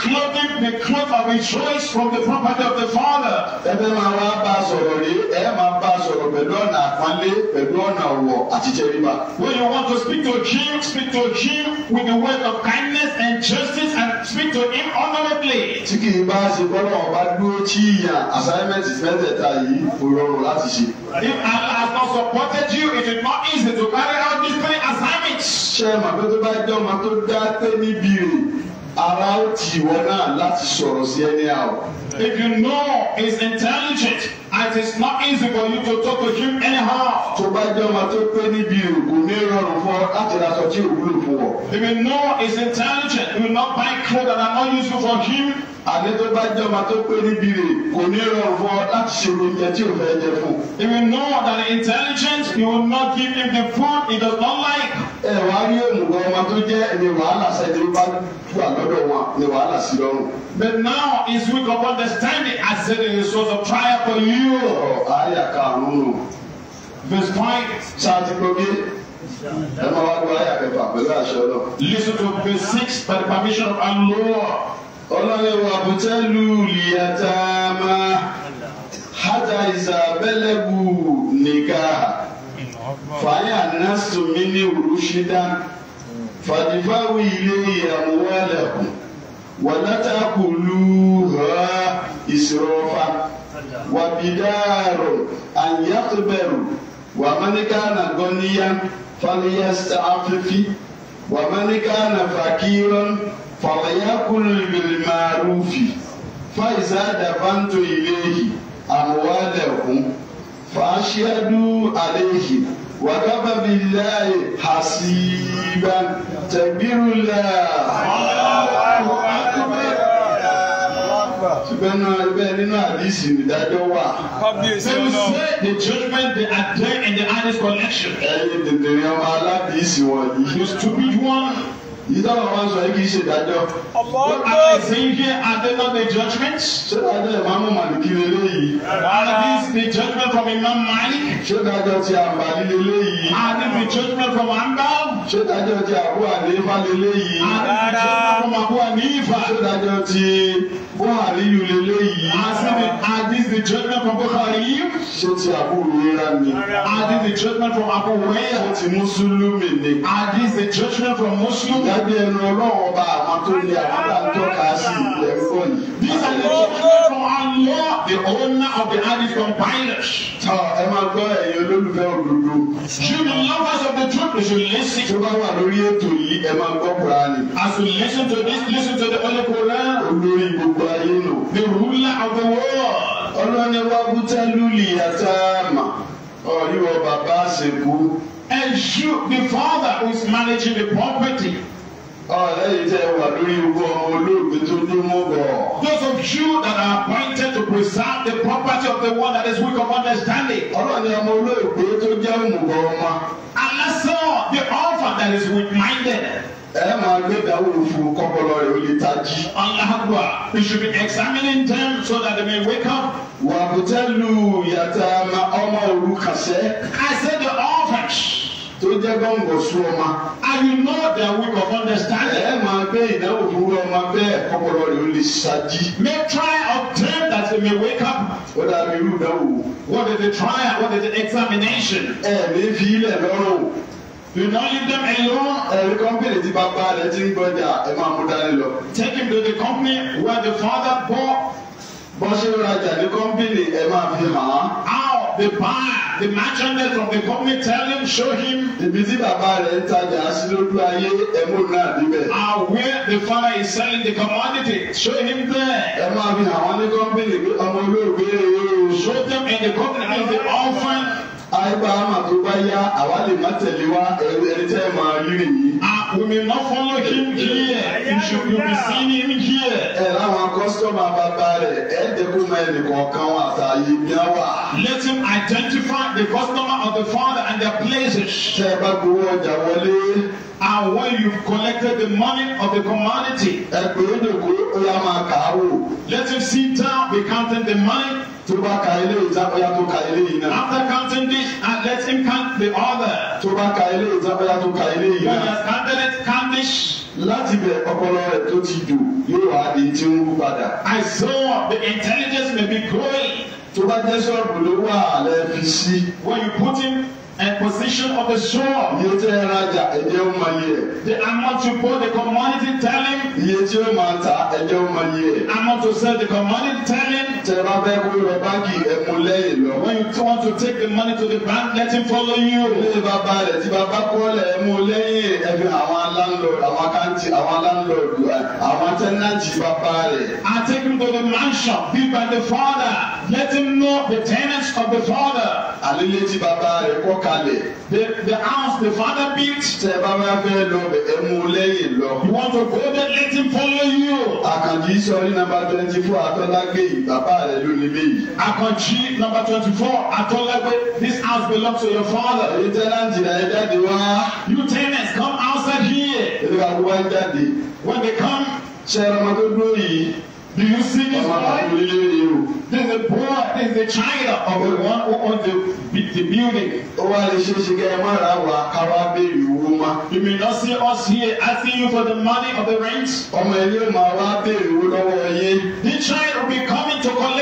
clothing, the cloth of his choice from the property of the father. Ẹ máa wá bá a sọ̀rọ̀ rí, ẹ máa bá a sọ̀rọ̀ pẹ̀lú ọ̀nà àpọ́nlé, pẹ̀lú ọ̀nà ọ̀wọ̀ àti ìjẹ̀ríba. When you want to speak to him, speak to him with the word of kindness and justice and speak to him honourably. Tí kì í bá a ṣe bọ́lá ọba dúró tí ìyà assignment mẹ́tẹ̀ẹ̀ta yìí kò rọrùn láti ṣe. If Allah has not supported you, it is not easy to carry out these three assignments. Ṣé màá tó bá jẹ́ ọmọ tó dá pé níbi rè? ara ó ìwọ náà láti sọ̀rọ̀ sí ẹni àwọ̀. if you know he is intelligent and it is not easy for you to talk to him anyhow. tó bá jẹ́ ọmọ tó pé níbi ògùn ní rọrùn fún ọ láti ra aṣọ tí òwúlò fún ọ. if you know his intelligence. intelligent you will not buy clothes that are not useful for him. àní tó bá jẹ́ ọmọ tó pé níbi rẹ̀ kò ní rọrùn fún ọ láti ṣe oúnjẹ tí ò fẹ́ jẹ fún. if you know that he is you will not give him the food he does not like. ẹ rí òmùgọ̀ ọmọ tó jẹ́ ni wàhálà sẹ́ni bá wà lọ́dọ̀ wọn ni wàhálà sí lọ́rùn. but now he is weak of understanding as it is a source of trial for you ọ̀rọ̀ àyà karùn-ún verse point ṣáàtìkọ́gé ẹ máa wá gbọ́ àyà kẹfà pẹ̀lú àṣẹ náà. listen to verse six by the permission of Allah. ọlọ́run ìwà àbútẹ́ lu ìyàtà máa hàtà ìsàbẹ̀lẹ̀bù nìkà fàyà nàṣùmí ní òrùṣídà fàdífàwì ilé ìyàwó wàlẹ̀kùn wàlátàkùlù hà ìṣòro fa. وبدار أن يقبل ومن كان غنيا فليستعفف ومن كان فقيرا فليأكل بالمعروف فإذا دفنت إليه أموالكم فأشهدوا عليه وكفى بالله حسيبا تكبير الله الله أكبر ṣùgbọ́n náà nínú àdìsí ìdájọ́ wà. kábíyèsí ọlọ́run. they say the judgment they are there in the honest collection. ẹyin dèdè ọmọ aládìsí wọ̀nyí. the stupid one yìí táwọn máa ń sọ yìí kì í ṣe ìdájọ́. what are they thinking are they not the judgement. ṣé dájọ́ ìmáàmù màlìkì lélẹ́yìí. are these the judgement from Imam Malik. ṣé dájọ́ ti àǹbálí lélẹ́yìí. are these the judgement from Ambal. ṣé dájọ́ ti Abu Hanifa lélẹ́yìí. are these the judgement from Abu Hanifa. ṣé dájọ́ ti Buhari yu lélẹ́yìí. are these the judgement from Buhari yu. ṣé ti Abu Hurairah ni. are these the judgement from Abu Hurairah. ṣé ti Mùsùlùmí ni. are these the judgement from Muslim bí ẹnu ọlọ́run ọba àwọn tó lé àwọn bá ń sí ilẹ̀ ẹ̀kọ́ yìí. These are the children of Allah, the owner of the earth is compilers. Tọ́ ẹ máa gbọ́ ẹ̀yin olólùfẹ́ òdodo. Should the lovers of the truth you should listen. Tó bá wà lórí ètò yìí, ẹ máa gbọ́ Kùránì. As you listen to this, listen to the Holy Quran. Olórí gbogbo ayé nù. The ruler of the world. Ọlọ́ni wá bútẹ́lú lìyàtàmà. Ọ̀yọ́ bàbá àṣekú. And you, the father who is managing the property ọ̀rẹ́ ah, yìí tẹ wà lórí ikú olóògbé tó ní bọ̀. those of you that are appointed to preserve the property of the one that is weak of understanding. ọlọ́ni ọmọ olóògbé tó jẹ́ òmùgọ̀ ọmọ. and the offer that is with minded. ẹ máa gbé dáwọ́ fún kọ́kọ́lọ́ rẹ̀ ó lè tají. alahagba you should be examining them so that they may wake up. wàbùtẹ́lù yàtà ọmọ òrukàṣẹ́. I said the orphan tó jẹ́ gbọ̀ngàn sún ọmọ. and you know their weak of understanding. ẹ máa gbé ìdánwò fún ọmọ bẹ́ẹ̀ kọ́kọ́rọ́ rẹ̀ ó lè ṣáájú. may try of them that they may wake up. ó dàbí irú ìdánwò. what is the trial what is the examination. ẹ ní fi ilẹ̀ lọ́rùn. You don't leave them alone. Ẹ̀rí kọ́mpìnì tí bàbá rẹ̀ ti ń gbọ́jà ẹ̀ máa mú dání lọ. Take him to the company where the father bought. Bọ́sẹ̀ rajà ní kọ́mpìnì ẹ̀ máa fi hàn án. Ah, The buyer, the merchant from the company tell him, show him. Ibi tí bàbá rẹ̀ ń tajà sí lójú ayé ẹ̀mú náà níbẹ̀. And where the father is selling the commodity, show him there. Ẹ máa fi àwọn ní company pé ọmọ olóògbé rẹ̀ o. Show them in the company as the orphan. Àìbá àmà tó bá yá, àwa lè má tẹ̀lé wa, ẹni tẹ́ ẹ máa rí nìyí. We may not follow him here. You should you be seeing him here. Ẹ láwọn kọ́sítọ́mù bàbá rẹ̀ ẹ̀ dẹ́kunmọ̀ ẹnìkan kan àtàyè bíá wà. Let him identify the customer of the father and their places. Ṣé ẹ bá gbowó ọjà wọlé? And when you collected the money of the commodity. Ẹgbẹ̀rún dògbò ó yá máa kà á wò. Let him sit down be counting the money. Tó bá ka ilé ìjà ó tó ka ilé yìí náà. After counting this, uh, let him count the other tó bá ka ilé ìtàbáyá tó ka ilé ìlà. when your candidate calmish. láti bẹ ọpọlọ rẹ tó ti dùn yóò wá di tí ń wú padà. I saw the intelligence may be growing. tó bá jẹ́ sọ́ọ̀bù ló wà lẹ́ẹ̀fi sí. when you put him and position of the shop. iye tí ẹ rajà ẹjẹ ó máa yẹ. the amount you bought the commodity telling. him. iye tí ó máa ta ẹjẹ ó máa yẹ. amount to sell the commodity telling. tẹ̀ra fẹ́ kó lọ báńkì ẹ̀mú lẹ́yìn lọ. when you want to take the money to the bank let him follow you. ilé bàbá rẹ̀ tí bàbá kọ́ lẹ̀ ẹ̀mú lẹ́yìn ẹ̀mí àwọn landlord àwọn akáǹtì àwọn landlord àwọn tẹ́nàtì bàbá rẹ̀. I take him to the mansion built by the father let him know the tenants of the father. Àlélé bàbá rẹ̀ kọ́ kalẹ̀. The the house the father built. Tẹ bàbá fẹ́ lọ bẹ̀ ẹ mú lẹ́yìn e lọ. You want to go there let him follow you. Àkànjí sọrí nàmbà twenty four Atọ́lágbé bàbá rẹ̀ ló ní bẹ́ẹ̀. Àkànjí nàmbà twenty four Atọ́lágbé this house belongs to your father. Èyí tẹ́lá ń jáde wá. You tenants come outside here here. Èdè ká wá jáde. When they come. Ṣé ẹ ọmọ tó dúró yìí? Do you see this boy? Ọmọ This is a boy, this is a child of the one who owns the, the building. Ó wá kẹ́ ẹ má ra wà ká béèrè owó má. You may not see us here asking you for the money of the rent. Ọmọ ẹni ó wá béèrè owó lọ́wọ́ yín. The child will be coming to collect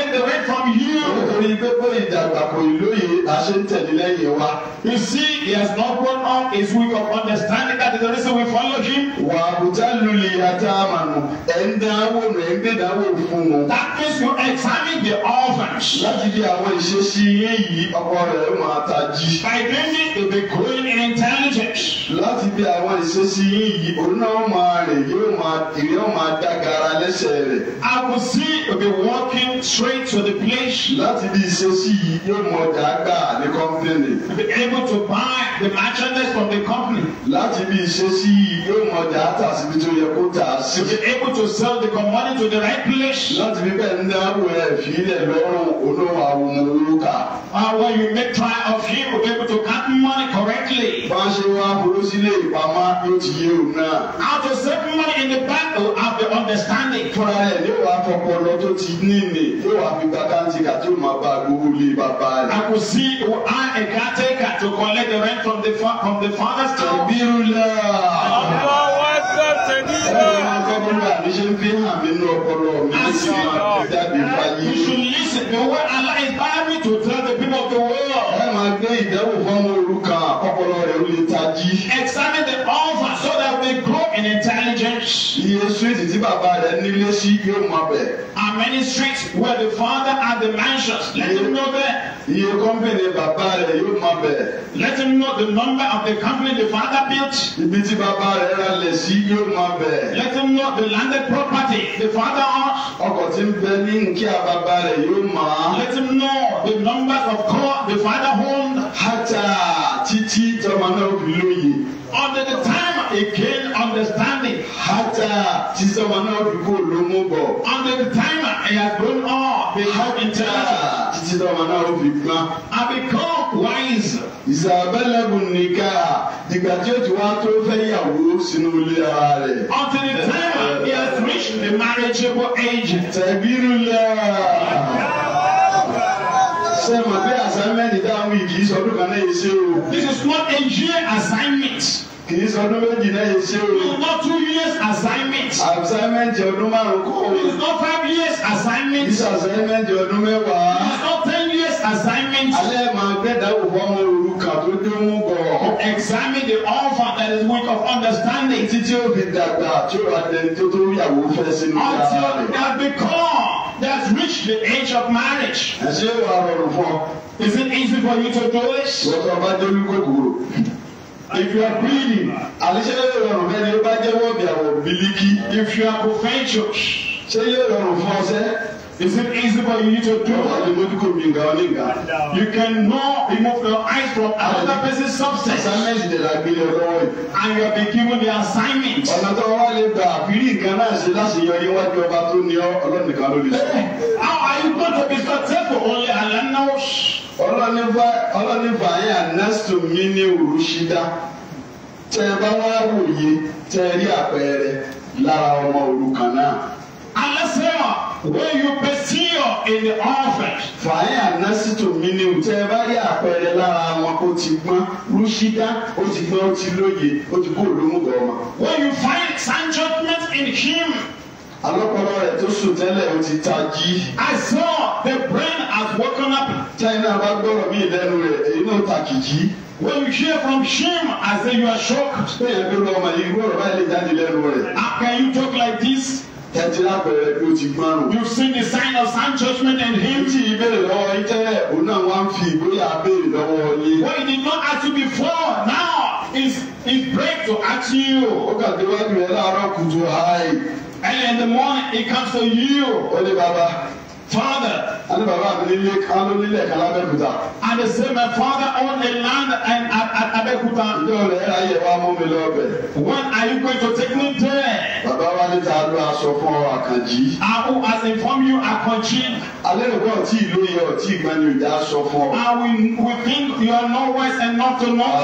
torí pé kó ìdàgbà kò ìlóye àṣẹ ń tẹ̀lé lẹ́yìn wa. you see he has not grown up his way of understanding that is the reason we follow him. wà àbújá lulẹ̀ àti àmàlù ẹ̀ ń dáwọ́ rẹ̀ ń gbẹ̀dáwọ́ fún wọn. that means you examine the orphans. láti di àwọn ìṣesí iye ọkọ rẹ̀ máa ta jí. by doing it be growing in intelligence. láti di àwọn ìṣesí iye yìí máa rẹ̀ yóò máa ìrẹ́ máa dá lẹ́sẹ̀ rẹ̀. I will see you be walking straight to the place. láti d bí ìṣesí yìí yóò mọ ọjà gbà ní kọ́mpínì. be able to buy the merchandise from the company. láti bí ìṣesí yìí yóò mọ ọjà tà síbi tó yẹ kó tà sí. be able to sell the commodity to the right place. láti bí bẹ́ẹ̀ ní àrò ẹ̀ fi ilẹ̀ lọ́rùn olówó àwọn olówó kà. when you make try of him to be able to count money correctly. bá a ṣe wá burú sílé ìpamọ́ yóò ti yé òun náà. how to save money in the bank will have the understanding. fúnra ẹ̀ ní wàá fọpọlọ tó ti ní ìní yóò wá fi gbàgbá ti kà tó máa bá bàbá gbowó lé bàbá rẹ̀. I could see how a caretaker to collect the rent from the from the farmers. store. Ìbírú lẹ̀. Ọ̀pọ̀ wọn sọ tẹ̀lé náà. Ẹ̀rọ agbẹ́bọ́lá mi ṣe ń fi hàn mí ní ọpọlọ mi. I see God. You should listen. The word Allah is bound to tell the people of the world. Ẹ máa gbé ìdẹ́wò fọ́mọ olùkà ọpọlọ rẹ̀ ó lè tají. Examine the offer so that we grow in intelligence. Iye sweet tí bàbá rẹ̀ nílé sí yóò máa bẹ̀ many streets where the father had the mansions. Let him know there. Iye company bàbá rẹ̀ yóò mọ bẹ̀. Let him know the number of the company the father built. Ibi tí bàbá rẹ̀ ra lẹ̀ sí yóò Let him know the landed property the father owns. Ọkọ̀ tí ń bẹ you ma. Let him know the numbers of car the father owned. Hata títí tọmọ náà fi lóye. the time he can understand tí sọmọ náà dùgbò ló mú bọ̀. until the time I had grown up become intelligent. Ah, títí sọmọ náà ó fi gbọ́n. I become wise. ìsàbẹ̀lẹ̀bùn nìkà dìgbà tí ó ti wá tó fẹ́ yàwó sínú ilé ara until the time he has reached the marriageable age. tẹ̀bírù lẹ́wà sẹ́wọ̀n pé assignment dáhùn yìí kì í sọdún kan náà yìí ṣe o. this is not a year assignment kìí sọ ọdún méjì náà yẹ ṣé o. it's not two years assignment. assignment jẹ ọdún márùn kọ́ o. it's not five years assignment. it's assignment jẹ ọdún mẹ́wàá. it's not ten years assignment. alẹ́ máa gbẹ́dá òwò ọmọ òrùka tó dé mú bọ̀. examine the offer that is weak of understanding. títí ó fi dàgbà tí ó wà lẹ́yìn tó tó yàwó fẹ́ sínú yàrá rẹ̀. until that become that reach the age of marriage. ẹ ṣe é wà rọrùn fún ọ. is it easy for you to do it. wọ́n sọ bá dé olúkúkúrò. If you are bleeding. Àníṣe yóò rọrùn bẹ́ẹ̀ ni ó bá jẹ́ wọ́ọ̀bì àwọ̀ bílíkì. If you are covetous. Ṣé yóò rọrùn fún ọ sẹ́? Is it easy for you to do? Ọ̀rọ̀ ni mo ti kò mi nga ọ You can not remove your eyes from another person's substance. Assignment de la gbé lọ́wọ́ yìí. And you have been given the assignment. Ọ̀nà tó wá lè gbà àbírí nǹkan náà ṣe láti yọ iwájú ọba tó ní ọ ọlọ́nìkan ló lè sọ. How are you going to be successful? Only Allah knows ọlọ́nìfà yẹn ànásítò mi ní òrùṣídá tẹ ẹ bá wá wòye tẹ ẹ rí àpẹẹrẹ lára ọmọ òrukàn náà. alásèwọ̀n wey you be see your in the office, fàáyà násìtò mi ni tẹ ẹ bá rí àpẹẹrẹ lára wọn ó ti gbọ́n rúṣídá ó ti gbọ́n ó ti lóye ó ti kó olómùgọ̀ ọmọ. when you find sound judgment in him alọ́pọ̀lọ́ rẹ̀ tó sùn tẹ́lẹ̀ ó ti ta jí. I saw the brain has woken up. China bá gbọ́rọ̀ mí lẹ́nu rẹ̀ inú tàkìjí. When you hear from Shem, I say you are shocked. Ṣé ìyẹn tó lọ ọmọ yìí gbọ́rọ̀ báyìí lè jáde lẹ́nu rẹ̀? How can you talk like this? Tẹ́tí lápẹ̀rẹ̀ bí o ti gbọ́rùn. You see the sign of sound judgment and him. Tí ìbéèrè lọ́wọ́ yín tẹ́lẹ̀, òun náà wá ń fi ìgboyà béèrè lọ́wọ́ yín. What he did not ask you before, now is is break to ask you. Ó kàdé wá ẹ láàárọ̀ kùtù And in the morning it comes to you. Ó ní bàbá. Father. Ani bàbá mi nílé kánú nílé ẹ̀ka lábẹ́kúta. And they say my father own a land and at at Abẹ́kúta. When are you going to take me there? Bàbá wa ní tàánú aṣọ fún ọ àkànjí. Ahu has informed you I continue. ìwé ọtí ìlú yẹ ọtí ìgbani ìjà aṣọ fún ọ. And we we think you are not and not to know. And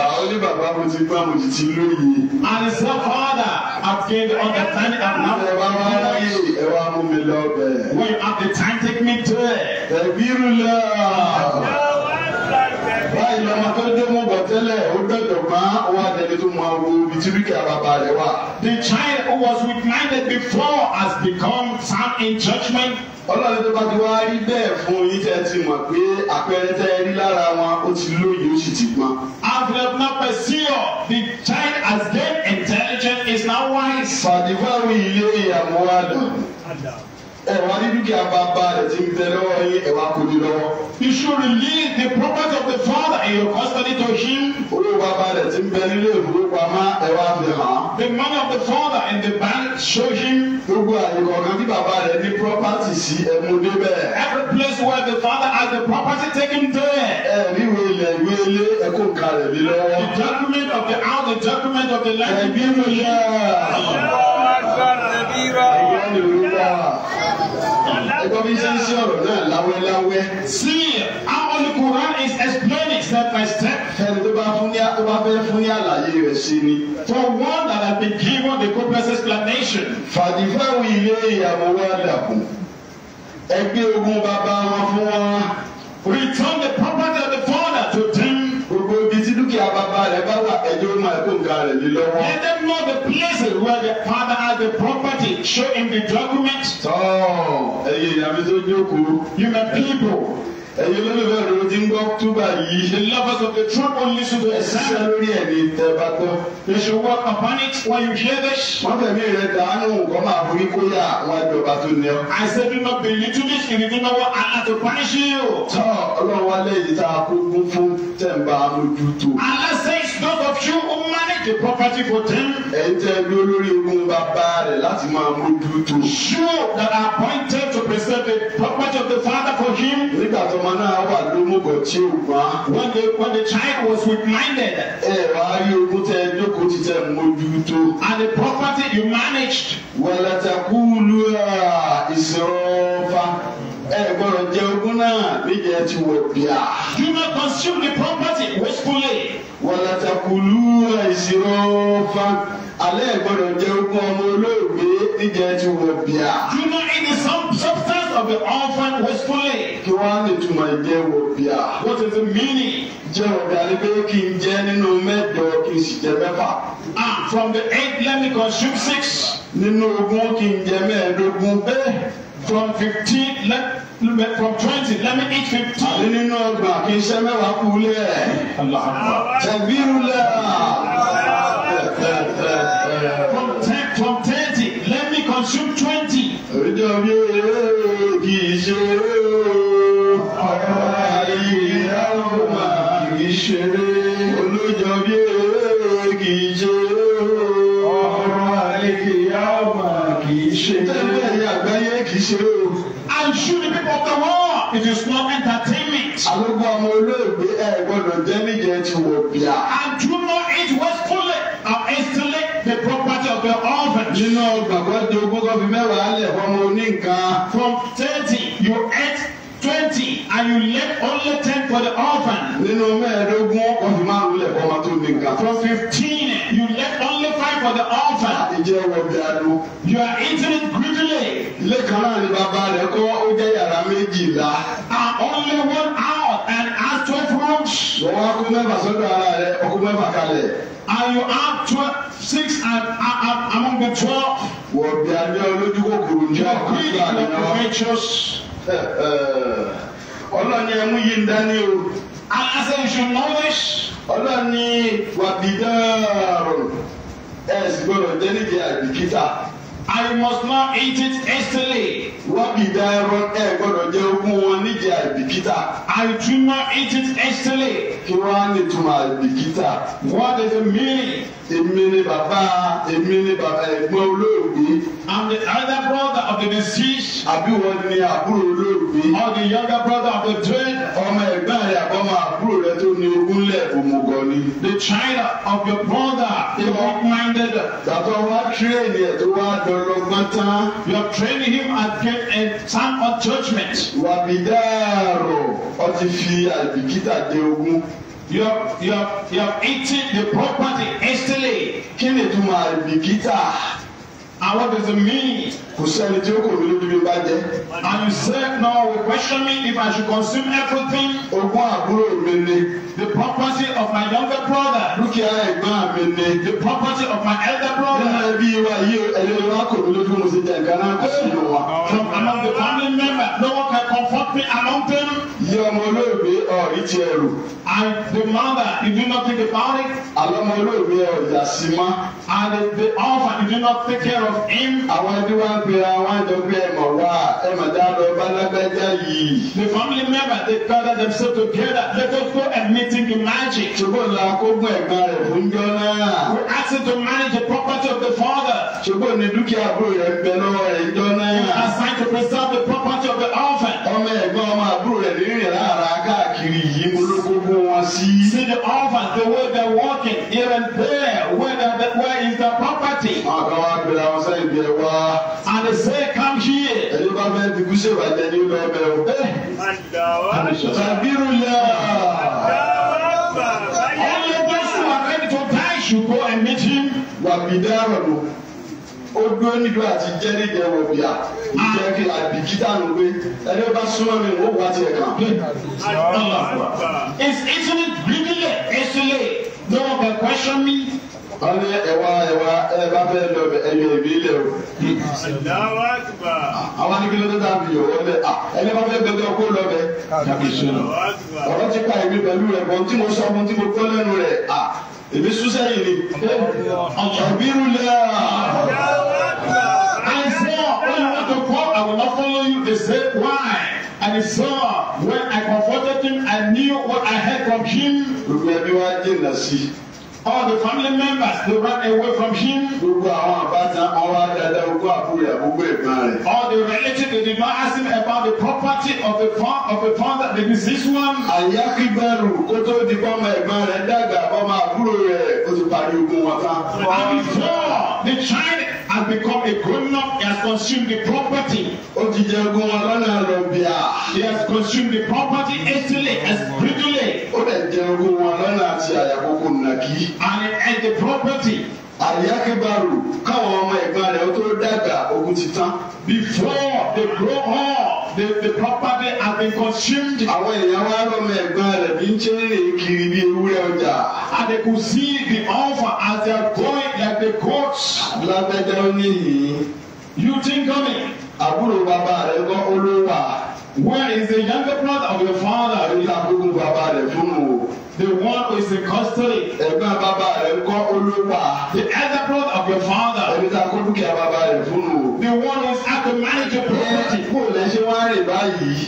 ah, they say father gave understanding and now. ẹ wá wá yé ẹ mú mi lọ bẹ́ẹ̀. when you have the time take me there. tẹ̀bírù lọ. báyìí lọ́mọ tó dé mú bọ̀ tẹ́lẹ̀ ó gbẹ̀dọ̀ máa wà lẹ́ni tó máa wo ibi tí wíkẹ́ bàbá rẹ̀ wà. the child who was weak-minded before has become sound in judgment. Ọlọ́run tó bá ti wá rí bẹ́ẹ̀ fún yín tẹ́ ti mọ̀ pé àpẹẹrẹ rí lára wọn ó ti lóye ó sì ti gbọ́n. I've not pursued the child has gain is now wise. Fàdífàwì ilé ìyàwó Adam ẹ̀wọ̀n ní dúkìá bàbá rẹ̀ ti ń bẹ lọ́wọ́ yín ẹ̀wọ̀n akójú lọ́wọ́. you should release the property of the father in your custody to him. owó bàbá rẹ̀ ti ń bẹ nílé ìfowópamọ́ ẹ̀wọ̀n àfihàn. the money of the father in the bank show him. gbogbo àyíkọ̀ kan tí bàbá rẹ̀ ní property sí ẹ̀mú débẹ̀. every place where the father has the property take him there. ẹ ní wo ilẹ̀ ìwé ilé ẹ̀kọ́ nǹkan rẹ̀ ní lọ́wọ́. the document of the house the document of the land. ẹ̀gbẹ́ mi yẹ. ẹ̀yẹ́ ni wúlò ẹgbẹ́ see how the Quran is explaining step by step. for one that has been given the corpus explanation. fàdífẹ́wò ilé ìyàwó wa dàkú ẹgbẹ́ ogun bàbá wọn fún wọn. return the property. let them know the places where the father has the property show him the documents. tọ́ you may people ẹ̀yin olólùfẹ́ òdodo ti ń gbọ́ túbà yìí. the lovers of the truth will listen to the lórí ẹ̀ ní tẹ́bà tó. you should work upon it when you hear this. wọ́n fẹ̀mí rẹ̀ dànù nǹkan máa fún yín kóyà àwọn ìjọba tó ní ọ. I said do not believe to this kìnnìkì náà wọ́n Allah to punish you. tọ́ ọlọ́run wa lẹ́yìn tá a kó kún fún tẹ̀m̀bà mójútó. Allah says those of you who manage the property for them. ẹ̀ ń tẹ́ bí olórí ogun bàbá rẹ̀ láti máa mójútó. sure that are appointed to preserve the property of the father for him. nígbà tó ọmọ náà wà lómùgọ̀ tí ó wá. when the when the child was reminded. ẹ wá rí ogún tẹ lókun ti tẹ mójútó. and the property you managed. wàlàtàkùlù ìṣòrofa ẹ gbọ́dọ̀ jẹ ogún náà níjẹ ti wọ bíà. you may consume the property wastefully. wàlàtàkùlù ìṣòrofa alẹ́ gbọ́dọ̀ jẹ ogún ọmọ olóògbé níjẹ ti wọ bíà. you know it is something of the orphan wastefully. kí wọ́n á lè túmọ̀ ìjẹ́ wọ bíà. what is the meaning? jẹ́ ọ̀gá ni pé kí n jẹ́ nínú mẹ́jọ kí n sì jẹ mẹ́fà. ah from the eight let me consume six. nínú ogún kí n jẹ mẹ́ẹ̀ẹ́dógún. bẹ́ẹ̀ from fifteen let from twenty let me eat fifteen. àní nínú ọgbà kí iṣẹ́ mẹ́wàá kú lé ẹ̀. tẹ̀bírú lẹ́ à. from ten from thirty let me consume twenty. èyí jẹ́ omi nínú gbàgbọ́ di ogún kan fi mẹ́wàá lẹ̀ fọmọ oníǹkan. from thirty you ate twenty and you left only ten for the orphan. nínú mẹ́ẹ̀ẹ́dógún wọ́n fi máa ń lẹ̀ fọmọ tó nìkan. from fifteen you left only five for the orphan. ìjẹ́ wọ bí a you are eating it greedily. ilé náà ni bàbá rẹ̀ kọ́ ó jẹ́ yàrá méjìlá. and only one hour wọ́n wá kó mẹ́fà sọ́dọ̀ ara rẹ̀ ọkọ̀ mẹ́fà kalẹ̀. and you add twelve six and uh, among the twelve. wọ́n bí adé olójú kòkòrò ní ọkọ̀ ìgbà nínú wa. ọlọ́ni ẹ̀mú yìí ń dání o. and as I should know this. ọlọ́ni wàbí dáàrọ̀ ẹ̀ sì gbọ́dọ̀ jẹ́ níbi àbíkítà. I must not eat it hastily. Wọ́n kì í da ẹran ẹ gbọ́dọ̀ jẹ ogún wọn níjẹ àìbìkítà. I do not eat it hastily. Kí wọ́n á lè túmọ̀ àìbìkítà. What is the meaning? Èmi ni bàbá èmi ni bàbá ẹ̀gbọ́n olóògbé. I'm the elder brother of the deceased. Àbí wọ́n ni àbúrò olóògbé. Or the younger brother of the dead. Ọmọ ẹ̀gbọ́n rẹ̀ àbọ̀mọ̀ àbúrò ní ogúnlẹ̀ ni. the China of your brother is weak minded. Tàtọ̀ wá tírèèdì ẹ̀ tó wá dọ̀lọ́gbọ́n tán. you are training him at get a time of judgment. Wàbídàrò ó ti fi àìbìkítà dé ogún. you have you have you have eaten the property instantly Kí ni ìtumọ̀ àìbìkítà? and what does it mean? kò sẹ́ni tí ó kò mí lójú bá jẹ́. and you said no question me if I should consume everything. ogún àbúrò mi ni. the property of my younger brother. dúkìá ẹ̀gbọ́n mi ni. the property of my elder brother. nínú ẹbí wa yìí ẹni wa kò mí lójú mo sì jẹ nǹkan náà kò sí ìlú wa. from among the family members no one can comfort me among them. yẹ ọmọ olóògbé wọn rí tiẹ̀ rò. and the mother you not think about it. àlọ́mọ olóògbé ẹ̀ ọ̀jà sí mọ́. and the the orphan you not take care of him. àwọn ẹbí wa ń pe àwọn àjọ pé mọ̀ wá ẹ mọ̀ dá bá lágbájá yìí. the family member they gather themselves together They us go and meet him in magic. ṣùgbọ́n la kó ẹ̀gbọ́n rẹ̀ fún jọ náà. we ask him to manage the property of the father. ṣùgbọ́n ní dúkìá àbúrò rẹ̀ ń bẹ lọ́wọ́ rẹ̀ jọ náà. we assign to preserve the property of the orphan. ọmọ ẹ̀gbọ́n ọmọ àbúrò rẹ̀ ní ìrìn káàkiri yìí olókòwò wọn sí. see the orphan the way they walking here and there where the, where is the property. àgbà gbèrè àwọn sẹ́yìn bí ẹ wá. and say come here. ẹni bá fẹ́ dìbò ṣe wà jẹ́ ní ìlú ọbẹ̀ o. sàbírù lẹ́ ọ̀rẹ́ tó bá ṣùgbọ́n ẹ̀mí tí. wà á bí dáhùn ó dúró nídó àti jẹ́rí ìdẹ̀wò bíà ìjẹ́ kí àbíkítà ló gbé ẹni ó bá súnmọ́ mi ó wá tiẹ̀ kàn. is isn't it bíbélì esule no one can question me. wọ́n ní ẹ̀wá ẹ̀wá ẹ bá fẹ́ o ẹ̀yọ ìbílẹ̀ o. àwọn ní kí ló dé tàbí yòó wọlé ẹni bá fẹ́ gbẹgbẹ́ kó lọ bẹ. ọ̀rọ̀ ti pa èmi pẹ̀lú rẹ̀ bọ́n tí mo sọ fún tí mo kọ́ lẹ́nu rẹ̀ èmi sún sẹ́yìn ni ọ̀kàbírù lẹ́yà. I saw when you want to come, I will not follow you. They said, why? I saw when I comforted him, I knew what I heard from him. Olùwẹ̀mí wa jìnnà sí i all the family members they ran away from him. gbogbo àwọn àbátan ọwọ́ àdàdà ogún àbúrò àbúgbò ẹ̀gbọ́n rẹ̀. all the relatives they did not ask him about the property of the farm of the farm that the deceased one. àyàkíbẹ̀rù kó tó di bọ́mọ ẹ̀gbọ́n rẹ̀ dàgbà bọ́mọ àbúrò rẹ̀ ó ti parí ogun wọn tán. and before the child has become a grown up he has consumed the property. ó ti jẹ ogún wọn lọ́nà àlọ́bíà. he has consumed the property hastily and greedily. ó lè jẹ ogún wọn lọ́nà àti àyàkókò nàkí. and he ate the property. àyàkébàrò káwọn ọmọ ẹ̀gbọ́n rẹ̀ ó tó dàgbà ogún ti tán. before they grow up the the property has been consumed. àwọn èèyàn wá lọ́mọ ẹ̀gbọ́n rẹ̀ bí ń ṣe é kiri bí ewúrẹ́ ọjà. and they could see the offer as they are going the coach. lágbẹ́jẹ́ ó ní you think of me, àbúrò bàbá rẹ̀ gan olówà. where is the younger brother of your father. èyí àbúrò bàbá rẹ̀ fún o. the one who is in custody. ẹ̀gbọ́n bàbá rẹ̀ gan olówà. the elder brother of your father. èyí àbúrò dúkìá bàbá rẹ̀ fún o. the one who is at the manager property. ẹ kó lẹ́sẹ̀ wá rè báyìí.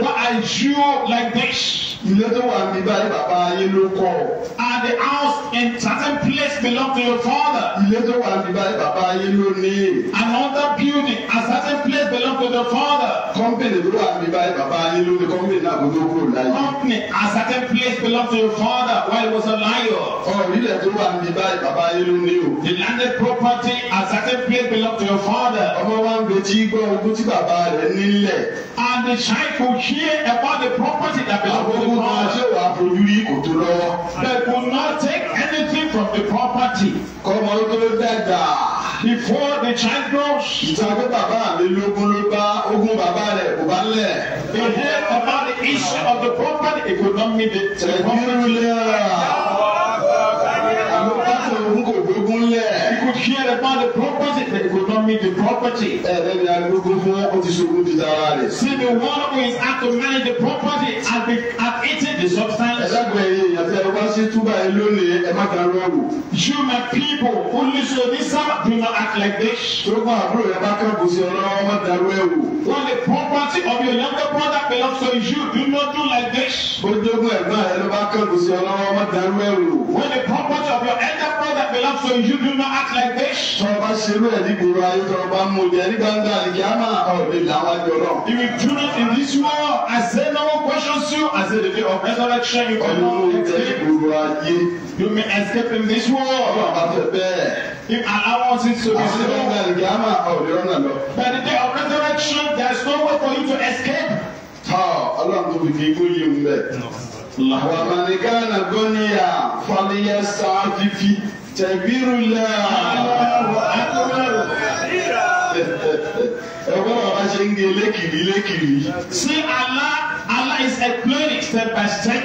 why are you like this ilé tó wà ní báyìí bàbá yín ló kọ́ and the house in certain place belong to your father. ilé tó wà ní báyìí bàbá yín ló ní. another building at certain place belong the father. Company ló wà ní báyìí bàbá yín ló ní kọ́mpìnì náà kó tó kúrò láyé. company a second place belong to your father while he was alive. ọ̀rìnlẹ̀ tó wà ní báyìí bàbá yín ló ní o. the landed property a second place belong to your father. ọmọ wa ń gbèjì gbọ́ ogún tí bàbá rẹ̀ nílẹ̀. and the child could hear about the property that belong to your father. àwọn ọmọ ṣé wàá fojú rí kòtò lọ́wọ́. they could not take anything from the property. kọ́mọ ló tó dàgbà before the child grows. ìtàgé bàbá mi lógún ló bá ogún bàbá rẹ̀ kò bá lẹ̀. to hear about the issue of the property. it could not meet the. tẹ̀gbọ́n àwọn pàtó ogún kò dógún lẹ̀. he could hear about the property but he could not meet the property. ẹ̀rẹ́ ni agbógun fún ó ti sọ̀rọ̀ ti dára rẹ̀. see the one who is out to manage the property has be and eating the substance. ẹ̀dá gbẹ̀yìn àti ẹ̀rọ wá sí túbà ẹ lónìí ẹ má dá lọ́rùn you my people who lis ten to this sermon do not act like this. ṣùgbọ́n àbúrò yẹn bá kẹ́kọ̀ọ́ sí ọlọ́wọ́ ọmọ dàrú ẹ̀ wò. when the property of your younger brother belong to you do not do like this. bójógún ẹ̀gbọ́n ẹ̀ ló bá kẹ́kọ̀ọ́ sí ọlọ́wọ́ ọmọ dàrú ẹ̀ wò. when the property of your elder brother belong to you do not act like this. tọ́ba ṣerú ẹ̀ ní gbòòrò ayé tọ́ba mú jẹ ní gbangba àlìkíyàmá ọ̀dẹ làwọn jọ náà. if you do not in this world as say no one questions you as say the day of resurrection you cannot know. ọlọ́run tẹ gbòòrò ayé. you may escape in this world. Ọlọ́run it to be so. Àṣírí ẹ̀dá By the day of resurrection, there is no way for you to escape. Tọ́ Ọlọ́run tó fi kó yé mu bẹ́ẹ̀. Wà á máa ní Gánà Gọ́níyà Fàlíyà Sáfífì Tẹ̀bírù lẹ́ Ẹ̀gbọ́n bàbá ṣe ń gé lékiri lékiri. Say Allah, Allah is explaining step by step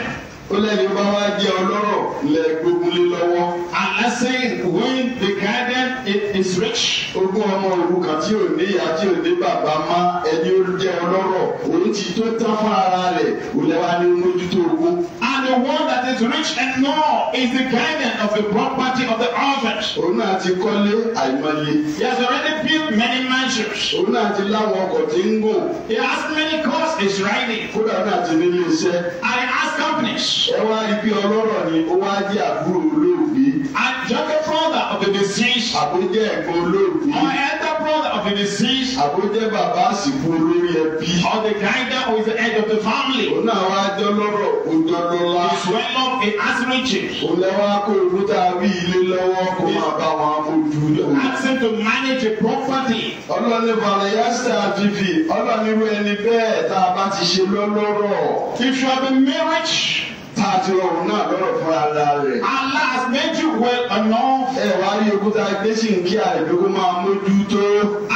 ó lẹ́ni bá wá jẹ́ ọlọ́rọ̀ lẹ gbógun lé lọ́wọ́. Allah saying when the garden it is rich. ogún ọmọ òrukàn tí ò ní ìyá tí ò ní bàbá má ẹni ó jẹ́ ọlọ́rọ̀ òun ti tó tán fún ara rẹ̀ òun lẹ́wà ní mójútó ogún the one that is rich and known is the guardian of the property of the orphans. òun náà ti kọ́lé àìmọye. he has already built many mansions. òun náà ti láwọn ọkọ̀ tí ń gò. he has many cars he's riding. kódà náà ti nílé iṣẹ́. and he companies. ẹ wá ibi ọlọ́rọ̀ ni ó wá jẹ́ àbúrò olóògbé. And younger brother of the deceased. Àbújá ẹ̀gbọ́n olóògbé. Or elder brother of the deceased. Àbújá bàbá àsìkò olórí ẹbí. Or the grinder who is the head of the family. Òun náà wá jọ kó jọ lọ́la. His well of a as riches. Òun lẹ́wọ́ akó òkúta rí ilé lọ́wọ́ kó máa bá wọn fojú lọ. Ask him to manage a property. Ọlọ́ni Valayasa Vivi, ọlọ́ni irú bẹ́ẹ̀ tá a bá ti ṣe lọ́lọ́rọ̀. If you have been married tá a náà lọ́rọ̀ fún ara rẹ̀. Allah has made you well enough. ẹ wá rí òkúta gbèsè ń kí àìdógún máa mójútó.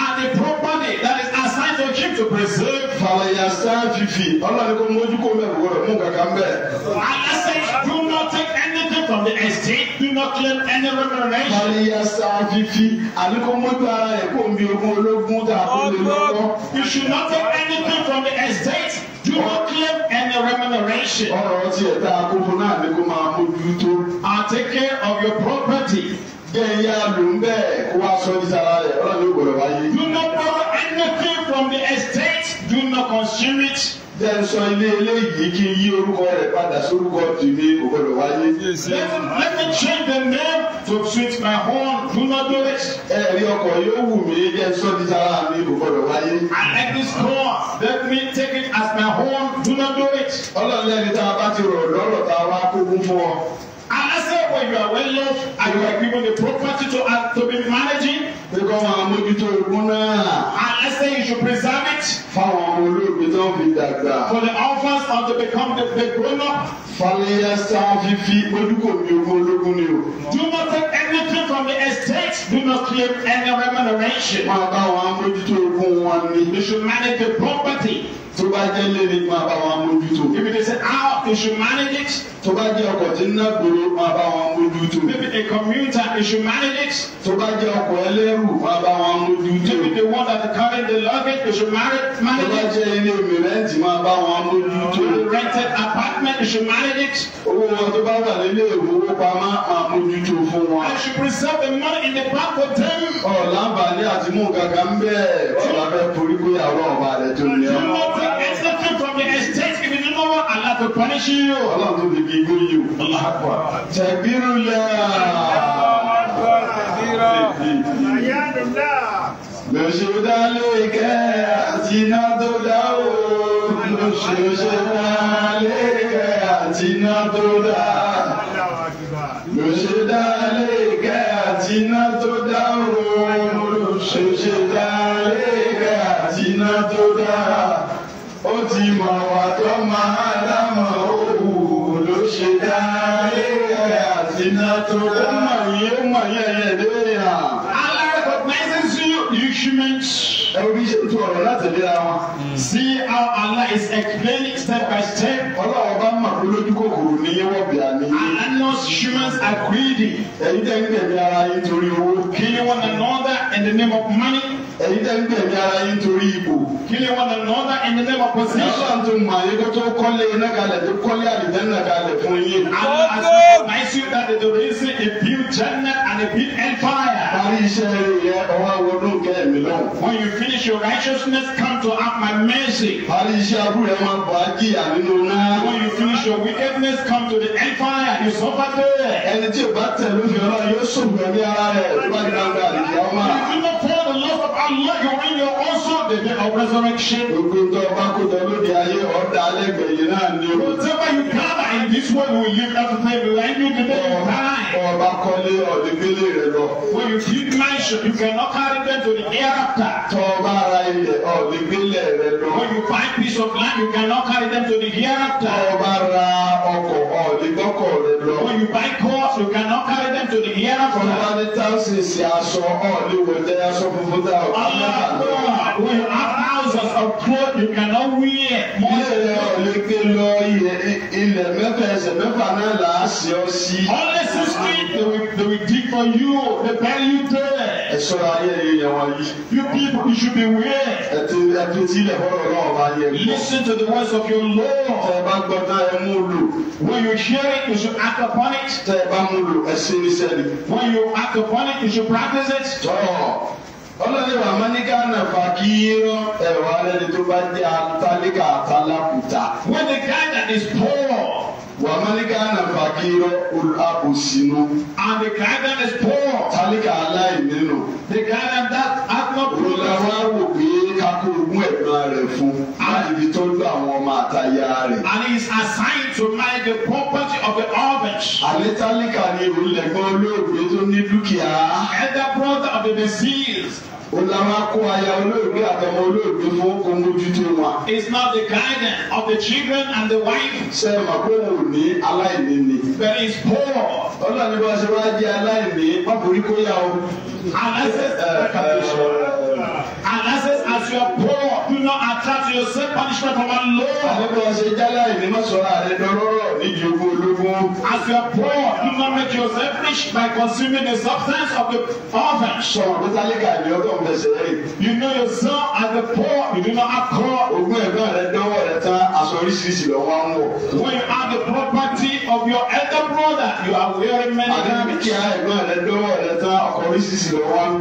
and the property that is assigned to keep to preserve. fàlàyà sáà fìfì ọlọ́run kò mójú kó mẹ́rin gbọ́dọ̀ mú kankan bẹ́ẹ̀. Allah says, do not take anything from the estate do not claim any remuneration. fàlàyà sáà fìfì àníkó mójú ara rẹ̀ kó mi ogún ológun tàbí olè oh, lọ́wọ́. you should not take anything from the estate. Do not claim any remuneration. Ọ̀rọ̀ tí ẹ̀ tá náà ni kó máa mójú tó. And take care of your property. Bẹ́ẹ̀ yá ló ń bẹ́ẹ̀ kó wá sọ ní sára rẹ̀, ọ̀rọ̀ ló gbọ́dọ̀ wáyé. Do not borrow anything from the estate. Do not consume it tẹ́ ń ilé eléyìí kí n yí orúkọ rẹ̀ padà sórúkọ tèmi ò wáyé. let me change the name to fit my own do not do it. ẹ̀rí ọkọ̀ yóò wù mí jẹ́ sọ́dí mi ò wáyé. I like this car let me take it as my own do not do it. ọlọ́run tá a bá ti rọ̀ lọ́rọ̀ tá a wá kó fún fún ọ. I say when you are well off and you are given the property to uh, to be managing. Gbogbo àwọn amójútó ogun náà. And I say you should preserve it. For the orphans and to become the the grown up. Fàlẹ́yà sáà fífi ojúkò mi ogun ológun ni o. Do not take anything from the estate. Do not claim any remuneration. Máa You should manage the property tó bá jẹ́ léde máa bá wọn mójútó. if it is how you should manage it. tó bá jẹ́ ọkọ̀ tí ń ná gbòòrò máa bá wọn mójútó. maybe a commuter you should manage it. tó bá jẹ́ ọkọ̀ ẹlẹ́rù máa bá wọn mójútó. maybe the one that carry the luggage you should manage it. tó bá jẹ́ ilé mi rẹ́ǹtì máa bá wọn mójútó. the rented apartment you should manage it. owó wọn tó bá wà nílé ìfowópamọ́ máa mójútó fún wọn. I should preserve the money in the bank for them. ọ̀làǹbà ni àtìmú gàgà ń bẹ́ẹ̀ ọ̀làǹbà torí pé àwọn ọ̀bà rẹ̀ tó ní ọ are accepted from the estate if you know what Allah will punish you. Allah will be good you. Allah Akbar. Takbirullah. Allah Akbar. Takbirullah. لشو ذلك أتينا داود لشو ذلك أتينا داود لشو ذلك أتينا داود لشو ذلك أتينا داود ó ti mọ̀ wá tó máa dámọ̀ òwú ló ṣe dá lérè àti náà ó mọ̀ yìí ó mọ̀ yẹ́ yẹ́ lérè à. Allah recognizes you you humans. ẹ̀rọ bí ṣe tu ọ̀rọ̀ láti hmm. See how Allah is explaining step by step. ọlọ́wọ́ bá mọ̀ pé lójú kòkòrò ní yẹ́wọ́ bíà ní. And knows humans are greedy. ẹ̀yin tẹ́ ń tẹ̀lé ara yín torí owó. killing one another in the name of money ẹ̀yin tẹ́ ń gbẹ̀mí ara yín torí ipò. killing one another in the name of position. yàrá tó mọ ayé kó tó kọ́lé iná kalẹ̀ tó kọ́lé àlìjẹ́nà kalẹ̀ fún yín. and as we advise you that the reason a build jannah and a build empire. parí iṣẹ́ yẹ ọwọ́ àwọn olóńgẹ́ ẹ̀mí náà. when you finish your righteousness come to have my mercy. parí iṣẹ́ abúlé ẹ̀ máa bọ̀ ajíyà nínú náà. when you finish your wickedness come to the empire you suffer there. ẹni tí o bá tẹ̀lé fi ọlọ́run yóò sùn gbẹ̀mí Allah, you bring also the day of resurrection. Gbogbo tó lóde ayé ọ̀dà alẹ́gbẹ̀yìn náà ni o. Whatever you gather in this world will live everything behind you today ọba kọ́lé ọ̀dẹ́gbélé rẹ lọ. when you build mansion you cannot carry them to the hereafter. tọ́ ọba ara ilẹ̀ ọ̀dẹ́gbélé rẹ lọ. when you find piece of land you cannot carry them to the hereafter. tọ́ ọba ra ọkọ̀ ọ̀dẹ́gbọ́kọ̀ rẹ lọ. when you buy cars you cannot carry them to the hereafter. tọ́ ọba ní táwùsìsì aṣọ ọ̀dẹ́wọ̀dẹ́ aṣọ funfun dá ọ̀dẹ́. Allah will have thousands of cloth, you cannot wear. ilé rẹ ilẹ̀ mẹ́fẹ̀ẹ́sẹ̀ mẹ́fà náà là á ṣe ọ sí. only sixty they will they will dig for you the bury you there. ẹ ṣọ́ra ayé yìí yẹn wọ́n yìí. you people you should be aware. ẹ ti ẹ ti tilẹ̀ fọlọ́ náà bá yẹ. listen to the voice of your lord. tẹ ẹ bá gbọ́ tán ẹ mú lò. when you hear it you should act upon it. tẹ ẹ bá mú lò ẹ ṣe ní sẹ́ni. when you act upon it you should practice it. tọ́ ọlọ́dẹ wà má ní ká nà kí yín rán ẹ̀wà lẹ́ni tó bá jẹ́ atalíkà atalákùtà. when the guy that is poor manika na fakiro olùhàkùsínú. and the Kaidan is poor. talika aláìní nù. the Kaidan that atma poor. olùdarí wò pé kakó ogún ẹ̀gbọ́n rẹ̀ fún. láti fi tọ́jú àwọn ọmọ àtàyà rẹ̀. and he is assigned to mind the property of the orphans. àlẹ́ talika ni olùlẹ̀gbọ́n olóògbé tó ní dúkìá. elder brother of the deceased. It's not the guidance of the children and the wife. Sẹ́ẹ̀mà pé òun ní aláìní ni. But he's poor. Ọlọ́run bá ṣe wá jẹ́ aláìní, má borí kó yá o. Allah says, Allah says, as you are poor, do not attract yourself punishment from Allah. Àbẹ̀bẹ̀ ọ̀sẹ̀ jẹ́ aláìní, má sọ̀rọ̀ àrẹ dọ́rọ́rọ̀ nídìí owó olówó as you are poor, do not make yourself rich by consuming the substance of the father. Sọ̀rọ̀ bí tálíkà ni ọdún fẹsẹ̀ rẹ̀. You know yourself as the poor, you do not have crop. Ogún ẹ̀gbọ́n rẹ̀ dánwò tán aṣọ oríṣiríṣi lọ wá ń wọ̀. When you have the property of your elder brother, you are wearing many garments. Àdébíkì ẹ̀gbọ́n rẹ̀ dánwò rẹ̀ ọkọ̀ oríṣiríṣi lọ wá ń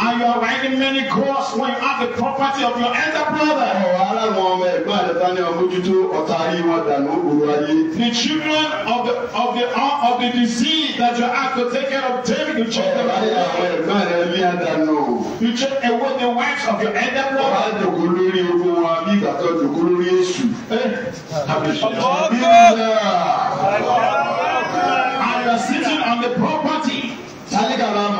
and you are writing many cross when you have the property of your elder brother. ọ̀rọ̀ ara wọn ọmọ ẹ̀gbọ́n àdàtà ni ọmọ ojútó ọ̀tá ayé wọn dànù òru ayé. the children of the of the uh, of the disease that you have to take care of David the check them out. ọ̀rọ̀ ẹ̀gbọ́n rẹ̀ ní àdánù. you check away the wives of your elder brother. ọ̀rọ̀ àjòkó lórí ogun wọn bí ìgbà tó lórí èṣù. Eh? ọ̀gbọ́n. and you are sitting on the property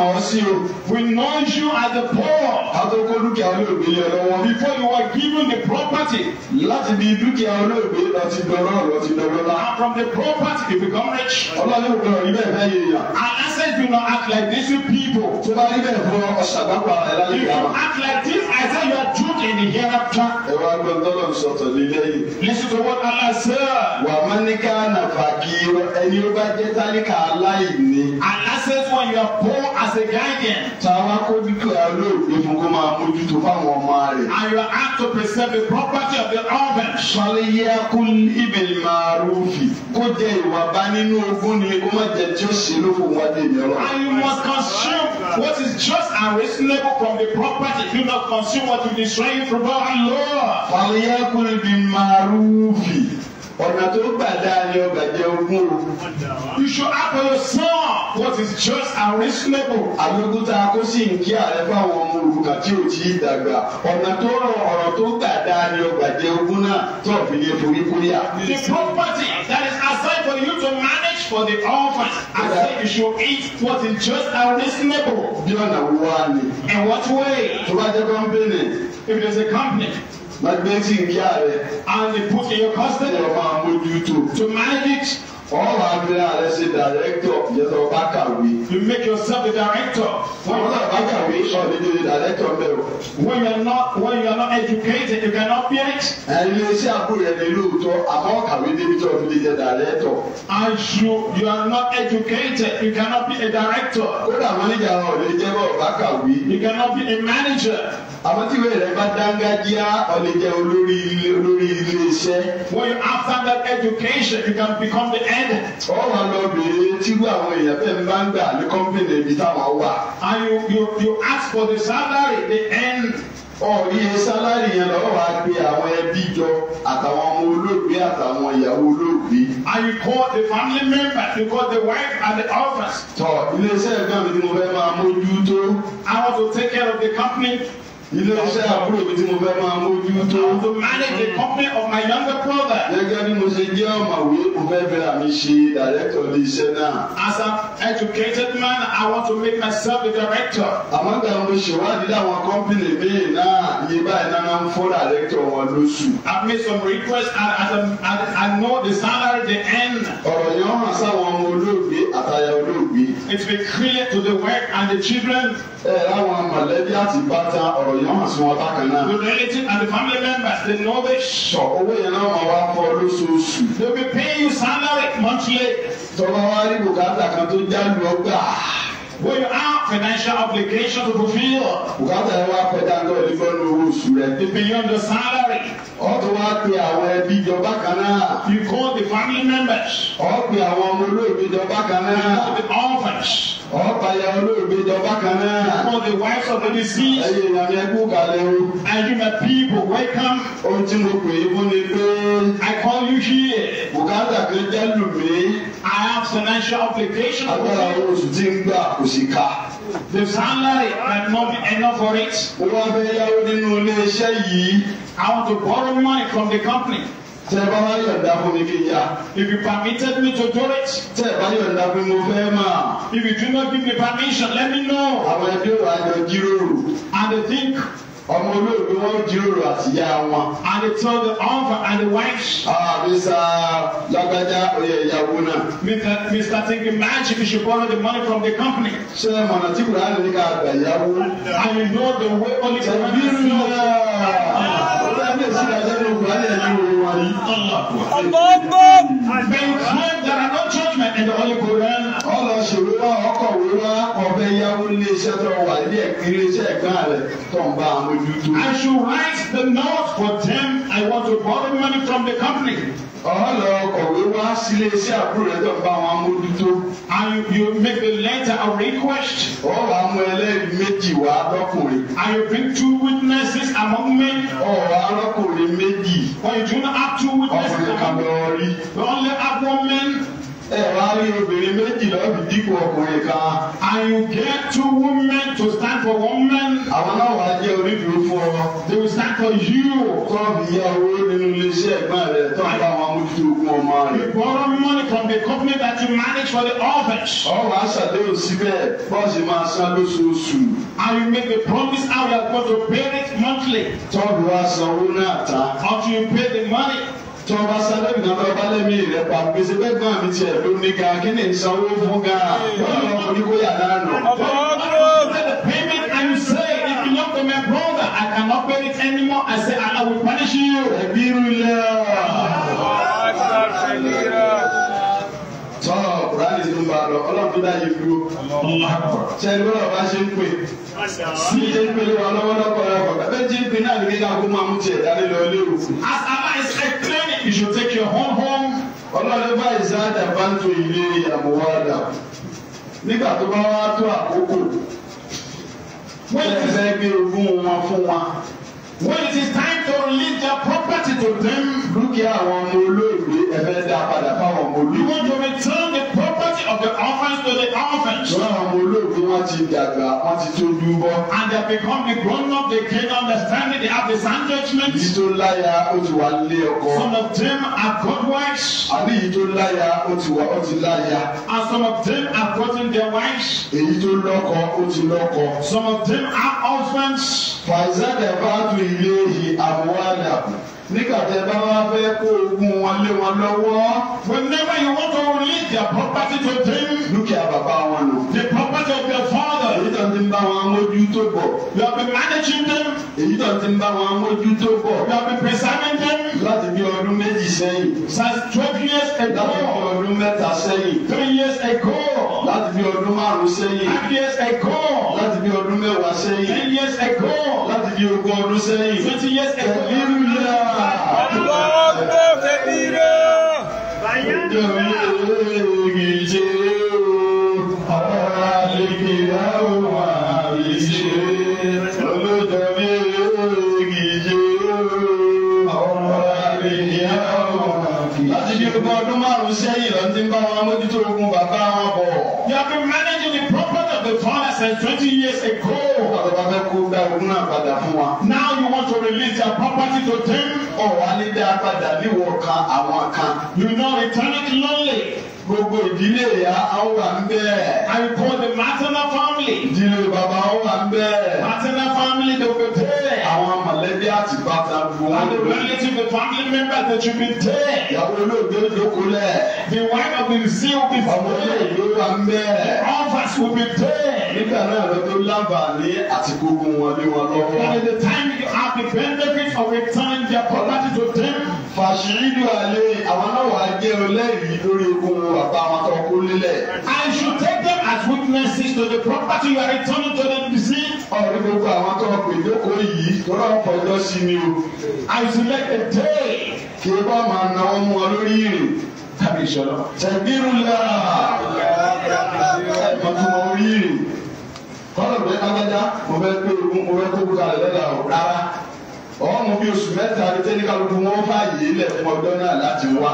mọ̀ sí o. we know you as a poor. kátó dúkìá olóògbé yẹ lọ́wọ́. before you were given the property. láti di dúkìá olóògbé lọ dọ̀rọ̀ lọ ti dọ̀rọ̀ la. and from the property you become rich. ọlọ́run ò gbọ́dọ̀ ibẹ̀ fẹ́ yé ya. and I do not act like these people. tó bá ibẹ̀ fún ọ̀ṣàgbàpá ẹ̀ láyé if you act like this I say you are doomed in the hereafter. ẹ wá gbọ́ tọ́lọ̀ sọ̀tọ̀ nílé yìí. listen to what Allah said. wà á máa ká nàfàkì ẹni ó bá jẹ́ tálíkà aláìní. Allah says when you are poor as as a guardian. tá a bá kó kó máa mójútó fáwọn ọmọ rẹ̀. and you are asked to preserve the property of the orphan. fàlẹ́yàkú ibè màrúfì kó jẹ ìwà bá nínú ogún ni kó má jẹ tí ó ṣe ló fún wa dé ìyọrọ. and you must consume what is just and reasonable from the property you not consume what you destroy from law. our Lord. fàlẹ́yàkú ibè màrúfì ọ̀nà tó gbà dáa ni ọgbà jẹ ogún o. you should ask for your son what is just and reasonable. àgbẹ̀kú tá a kó sí nkí ààrẹ fáwọn ọmọ òrùka tí ò tí ì dàgbà ọ̀nà tó rọ ọ̀rọ̀ tó gbà dáa ni ọgbà jẹ ogún náà tó fi lè forí kúríà. the property that is assigned for you to manage for the orphans and say you should eat what is just and reasonable. bí ọ̀nà wo wá ni. in what way. tó bá jẹ́ company. if it is a company. Like making care and put in your custody. Your would To manage it. wọ́n máa fi ààrẹ ṣe director ìjọba ọba kàwé. you make yourself the director. wọ́n náà bá kàwé ọ̀lẹ́jọ́ di director bẹ́ẹ̀ when you are not when you are not educated you cannot be it. ẹni iṣẹ́ àbúrò ẹni lóòótọ́ àmọ́ kàwé débi tí ọ̀fi lè jẹ director. and you you are not educated you cannot be a director. kódà manager náà lè jẹ́ bọ́ ọba kàwé. you cannot be a manager. àmọ́ tí ìwé rẹ̀ bá dángájíá ọ̀lẹ́jẹ́ olórí ilé olórí ilé iṣẹ́. when you have that education you can become the wọ́n wà lọ bèèrè àwọn èèyàn bẹ́ẹ̀ ń bá ń gbà ní kọ́mpìnì ibi táwọn wà. and you you you ask for the salary the end. ọ̀rí sálárì yẹn lọ́wọ́ wá gbé àwọn ẹbí jọ àtàwọn ọmọ olóògbé àtàwọn ìyàwó olóògbé. and you call the family members you call the wife and the husband. tọ iléeṣẹ́ ẹ̀gbọ́n mi ni mo fẹ́ máa mójútó. I want to take care of the company ilé iṣẹ́ àbúrò mi tí mo fẹ́ máa mójú tó. to manage the company of my younger brother. gẹ́gẹ́ bí mo ṣe jẹ́ ọ̀mọ̀wé mo fẹ́ bẹ àmì ṣe director ilé iṣẹ́ náà. as an educated man I want to make myself a director. àmọ́ gba mo ṣèwádìí láwọn company míì náà iye báyìí náà ń fún director wọn lóṣù. I made some requests and as I, I, know the salary they end. ọ̀rọ̀ yẹn hàn sáwọn ọmọ olóògbé àtàyà olóògbé. It's been clear to the work and the children. Ẹ láwọn mọ̀lẹ́bí àti bàtà ọ̀rọ̀ yẹn wọ́n sún wọn bákan náà. The relatives and the family members they know they sọ. Owó yẹn náà máa wá fọ lóṣooṣù. They be paying you salary monthly. Tọ́lá wa rí bùkátà kan tó já lu ọgbà when you have financial obligation to fulfil. bùkátà ẹ wá kọjá náà ní owó oṣù rẹ. the beyond the salary. ọ̀tún wá pe àwọn ẹbí jọba kan náà. you call the family members. ọ̀ pe àwọn ọmọ olóògbé jọba kan náà. you call the orphans ọba ya olóògbé jọba kan náà. for the wives of the deceased. ẹyẹ ìyàmì ẹkú kalẹ̀ o. and you my people welcome. ohun tí mo pè é fún ni pé. I call you here. bùkátà kan jẹ́ lùmí. I have financial obligation. agbára oṣù tí ń gbà kò sì ká. the salary might not be enough for it. ó fẹ́ yáwó nínú ilé iṣẹ́ yìí. I want to borrow money from the company tẹ bá wá yọ̀ǹda fún mi kí n yá. if you permitted me to do it. tẹ ẹ bá yọ̀ǹda fún mi fẹ́ mà. if you do not give me permission let me know. àwọn ẹbí ò wá jíròrò. and they think ọmọ olóògbé wọn jíròrò àtìyá wọn. and they told the husband and the wife. ah mr lagbaja oyè ìyàwó náà. mr mr thinking match you should borrow the money from the company. ṣé ẹ mọ̀nà tí kùrọ̀ á ní ká gbà ìyàwó. and you know the way only the man knows kábíyèsí rẹ̀ lẹ́nu buhari ẹ̀ ní orí wa yìí. ọgbọ́gbọ́. bẹ́ẹ̀ no judgment in the holy Quran. ọlọ ṣòro wa ọkọ̀ wúrọ̀ ọbẹ̀ yàwó iléeṣẹ́ tó wà ní iléeṣẹ́ ẹ̀ka rẹ̀ tó ń bá àmójútó. I should write the note for them I want to borrow money from the company ọlọ kọ̀wé wá sílé iṣẹ́ àbúrò rẹ tó ń bá wọn mójútó. and you make a letter a request. ọ wà mú ẹlẹ́rìí méjì wá lọ́kùnrin. and you bring two witnesses among men. ọ wà lọ́kùnrin méjì. but you do not have two witnesses. ọkùnrin kan lọ rí. you only have one man. ẹ wá rí obìnrin méjì lọ́ọ̀bì dípò ọkùnrin kan. and you get two women to stand for one man. àwọn náà wàá jẹ́ onídùúró fún ọ. they will stand for you. tọ́ọ̀bù yẹ owó nínú iléeṣẹ́ ẹ̀gbọ́n rẹ̀ tó ń bá wọn ọmọ rẹ̀. You borrow money from the company that you manage for the office. orphans. Ọ̀rọ̀ aṣàdéhùn síbẹ̀ bọ́ọ̀sì máa san lóṣooṣù. And you make the promise how you are going to pay it monthly. Tọ́ọ̀bù wa sanwó náà ta. After you pay the money tí wọn bá sálẹ̀ mi náà bá lẹ́mí rẹ̀ pa gbèsè bẹ́ẹ̀ gbọ́n mi tiẹ̀ ló ní ga kí ni ìsanwó fún ga wọn lọ ní kó yà náà nù. I cannot pay it anymore. I say I will punish you. Ẹbí rú ilẹ̀. láàyè dúró ṣẹlẹ̀ bọlọ bá ṣe ń pè sí ṣe ń pè lọ́wọ́ lọ́wọ́lọ́wọ́ lọ́wọ́ bẹ́ẹ̀ jí ń pè náà kó máa mú tiẹ̀ dání lọ ilé òfin. as Allah is a you should take your home home. ọlọ́run bá ìsáàdà bá ń to ilé ìyàwó wa dà nígbà tó bá wá tó àkókò wọ́n fẹ́ gbé when it is time to leave their property to them. dúkìá àwọn ọmọ olóògbé ẹ̀fẹ́ dá padà fáwọn ọmọ olóògbé. you want to return of the orphans to the orphans. Wọ́n àwọn olóògbé wọn ti dàgbà wọn ti tó dúbọ́. And they become the grown up they gain understanding they have the sound judgement. Yìí tó láya ó ti wà nílé ọkọ. Some of them are God wives. Àbí yìí tó láya ó ti wà ó ti láya. And some of them are gotten their wives. Èyí tó lọ́kọ ó ti lọ́kọ. Some of them are orphans. Fàìsàn dẹ̀ bá tu ilé yìí àwọn àdàbò nígbà ẹ bá wá fẹ́ kó ogun wọn lé wọn lọ́wọ́. whenever you want to lead their property to them. dúkìá bàbá wọn nù. the property of their father. èyí tó ń ti ń bá wọn mójútó bọ̀. you have been managing them. èyí tó ń ti ń bá wọn mójútó bọ̀. you have been preserving them. láti bí ọdún méjì sẹ́yìn. since twelve years ago. láti bí ọdún mẹ́ta sẹ́yìn. three years ago. láti bí ọdún márùn sẹ́yìn. five years ago. láti bí ọdún mẹ́wàá sẹ́yìn. ten years ago. láti bí ogún ọdún sẹ́yìn. twenty years ago. tẹ̀lé and twenty years ago. Bàbá bẹ kó dá ogun náà padà fún wa release their property to them. ọ̀wá ní dá padà níwọ̀ kan àwọn kan. you know return it lonely. gbogbo ìdílé ìyá àwọn wà ń bẹ́ẹ̀. I call the maternal family. ìdílé bàbá àwọn wà ń bẹ́ẹ̀. maternal family tó fi tẹ́. àwọn mọ̀lẹ́bí àti bàtà bu. and the relative the family members that you been tẹ́. ìyàwó olóògbé ìdókòó lẹ̀. the wife of the deceased will be there. ọmọ olóògbé wà ń bẹ́ẹ̀. the orphans will be there nígbà náà ló tó lábàání àti gbogbo wọn lé wọn lọ́wọ́. and at the time you have the benefit of returning their property to them. fàṣírídù àlè àwọn náà wàá jẹ́ ẹlẹ́rìí lórí ogun bàbá àwọn tó kó lélẹ̀. I should take them as witnesses to the property you are returning to them this evening. ọ̀rẹ́ gbogbo àwọn tó pè lóko yìí tó náà sí mi o. I select a day. kí ẹ bá máa náwó mú ọ lórí ìrìn tàbí ìṣọ̀lọ́. lára ẹ̀ mọ̀tò mọ̀ orí ìrìn fọlọ́n bẹ mo fẹ́ pé ogun mo fẹ́ tó kú kalẹ̀ lọ́la o rárá ọ̀hún mo oṣù mẹ́ta ní tẹ́lẹ̀ wọn fà yé ilẹ̀ fún ọjọ́ náà láti wá.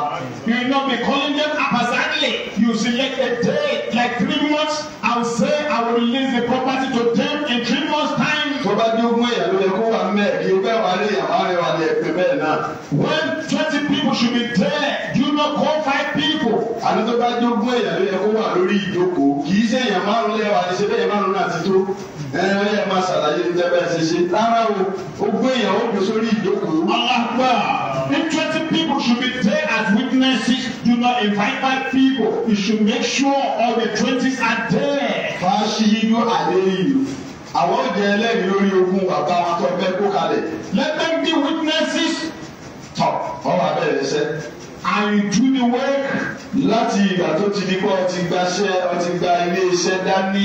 you know, not calling them haphazardly you select a day like three months i will say i will release the property to them in three months time. tó bá dé ogún èèyàn ló yẹ kó wà mẹ́ẹ̀ kí o bẹ́ẹ̀ wà lé ìyàwó rẹ̀ wà lé ẹ̀pẹ́ bẹ́ẹ̀ náà. when twenty people should be there you not call five people. àní tó bá jogún ẹ̀yà ló yẹ kó wà lórí ìjókòó kì í ṣe èèyàn márùn lẹ́wà àti ṣe bẹ́ẹ̀ èèyàn márùn náà ti tó ẹ̀rọ yẹ máa ṣàlàyé ní tẹ́fẹ́ ṣe ṣe rárá o ogún èèyàn ó gbé sórí ìjókòó. alágbà if twenty people should be there as witnesses do not invite five people you should make sure all the twenty are there. fàṣíyíjú àléyìn àwọn ò jẹ ẹlẹ́rìí lórí ogún bàbá wọn tó fẹ́ kó kalẹ̀. let them be witnesses. tọ́ ọ wà bẹ́ẹ̀ rẹ sẹ́ àrìnjú ni wọ́n láti ìgbà tó ti di pé ó ti gbaṣẹ́ ó gba ilé iṣẹ́ dání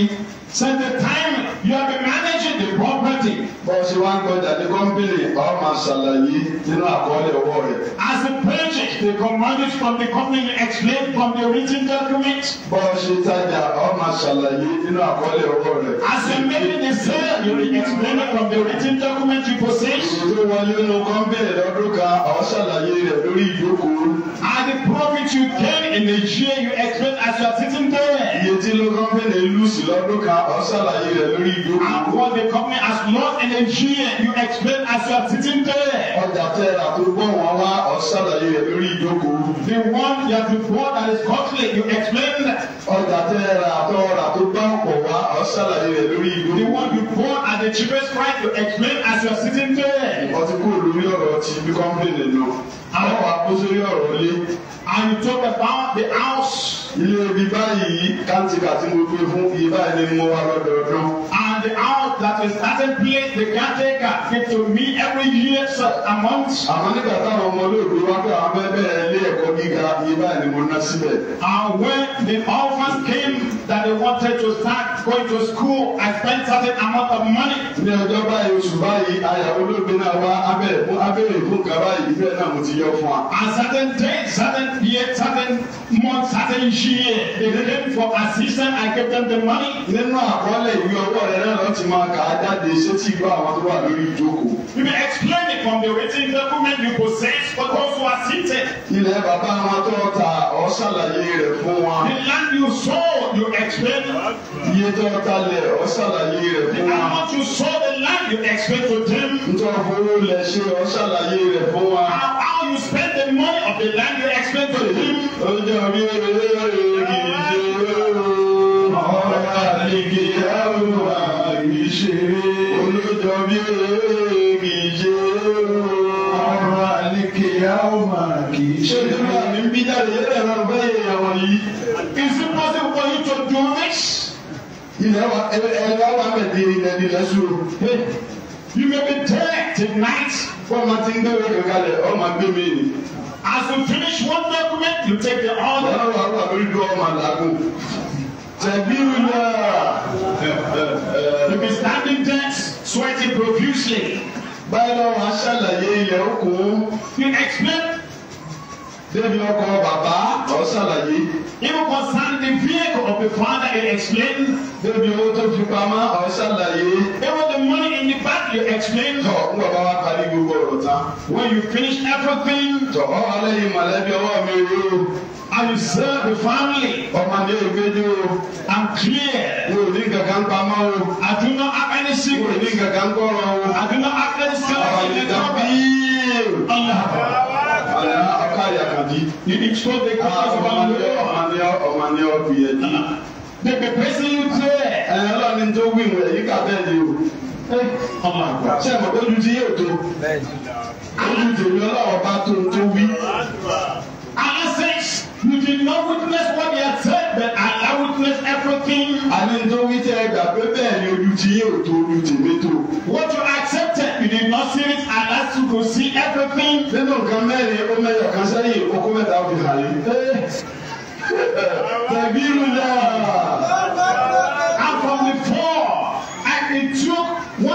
since the time you have been managing the property. bọ́sì wá ń gbọ́dọ̀ ní kọ́ńpìlì ọmọ àṣàlàyé nínú àkọọ́lẹ̀ owó rẹ̀. as the project, the commodities from the company explained from the written document. bọ́sì tajà ọmọ àṣàlàyé nínú àkọọ́lẹ̀ owó rẹ̀. as a made the sale you explain it from the written document you possess. ìwé wọlé nínú kọ́ńpìlì lọ́dún kan ọ̀ṣàlàyé rẹ̀ lórí ìdókòwò. and the profit you gain in a year you explain as you are sitting there. iye tí ló kọ́ńpìlì lùsì lọ́dún kan ọ̀ ṣàlàyé rẹ̀ lórí ìdókòwò. and what the company has lost in a you explain as you are sitting there. ọjà tẹ àtúgbọ̀ wọn wá ọ̀ ṣàlàyé rẹ̀ lórí ìdókòwò. the one you bought that is costly you explain that. ọjà tẹ àtọ̀ àtọ̀ bá wá ọ̀ ṣàlàyé rẹ̀ lórí ìdókòwò. the one you bought at the cheapest price you explain as you are sitting there. ọtí kò lórí ọ̀rọ̀ ti bí kọ́ńpìnì nù. àwọn àpòsórí ọ̀rọ̀ lé. and you talk about the house ilé ibi báyìí kántíkà tí mo gbé fún iye báyìí ni mo wá lọ́dọọdún. and the house that is certain place the caretaker get to me every year so amount. àmọ́ nígbà táwọn ọmọ olóògbé wá àwọn bẹ́ẹ̀ bẹ́ẹ̀ lé ẹ̀ ìka iye ni mo ná síbẹ̀. and when the offers came that they wanted to start going to school I spent certain amount of money. ní ọjọ́ báyìí oṣù báyìí àyà olóògbé náà wá abẹ́ fún abẹ́rẹ́ fún kaba bẹ́ẹ̀ náà mo ti yọ fún wa. and certain days certain years, certain months, certain years, they came for assistance I gave them the money. nínú àkọọ́lẹ̀ ìwé ọwọ́ rẹ̀ náà ti máa kà á jáde sétí ìlú àwọn tó wà lórí ìjókòó. you may explain it from the written document you possess but also who are seated. ilẹ̀ bàbá wa àwọn tó ta ọ ṣàlàyé rẹ̀ fún wọn. the land you sow you expect. iye tó ta lẹ̀ ọ ṣàlàyé rẹ̀ fún wọn. the amount you sow the land you expect to dream. ntọ́ fowó lẹ̀ ṣe ọ ṣàlàyé rẹ̀ fún wọn. how you spend the money of the land you expect to them. ọjọ́ mi ò lè rí ìdíje ọ̀rọ̀ àlejò ẹ̀rù àìṣeré olójọ́ mi ò lè rí. ìyá ọmọ kì í ṣe ìdúrà ní bí jáde yẹlẹ ìrọrùn bẹ́ẹ̀ ìyàwó yìí is it possible for you to do this. ilẹ̀ wa ẹ̀rọ wa bẹ̀ you may be there tonight. fọlọ́mọ ti ń gbé wẹ́ẹ̀ kankan lẹ̀ ọmọ gbé mi ni. as you finish one document you take the other. wọ́n wà wà lórí do. ọmọ làágùn. tẹ̀bí wíwá. you be standing there sweating profusely báyìí lọ́wọ́ aṣàlàyé ilẹ̀ oko. he explained. débi ọkọ bàbá lọ ṣàlàyé. even concern the vehicle of the father he explained. débi owó tó fi pamọ́ ọ ṣàlàyé. even the money in the bank He explained. tọ n bàbá wa parí gbogbo ọ̀rọ̀ tán. when you finish everything. tọ ọ alẹ́ yìí mọ̀lẹ́bí ọwọ́ mi rí o. I will serve the family. Ọmọ mi ò I'm clear. Mi ò ní kankan pamọ́ o. I do not have any secret. Mi ò ní kankan gbọ́rọ̀ o. I do not have Bẹ̀bẹ̀ you did not witness what he had said àní nítorí tẹ ẹ pé bẹ́ẹ̀ ni ojú ti yé òtó ojú tèmi tó. what you accepted you did not see it and that's to go see everything. nínú nǹkan mẹ́rin ó mẹ́yọ̀ kan sẹ́yìn okó mẹ́ta fi hàn yín. tẹ̀bí ìlú náà. and from the four and it took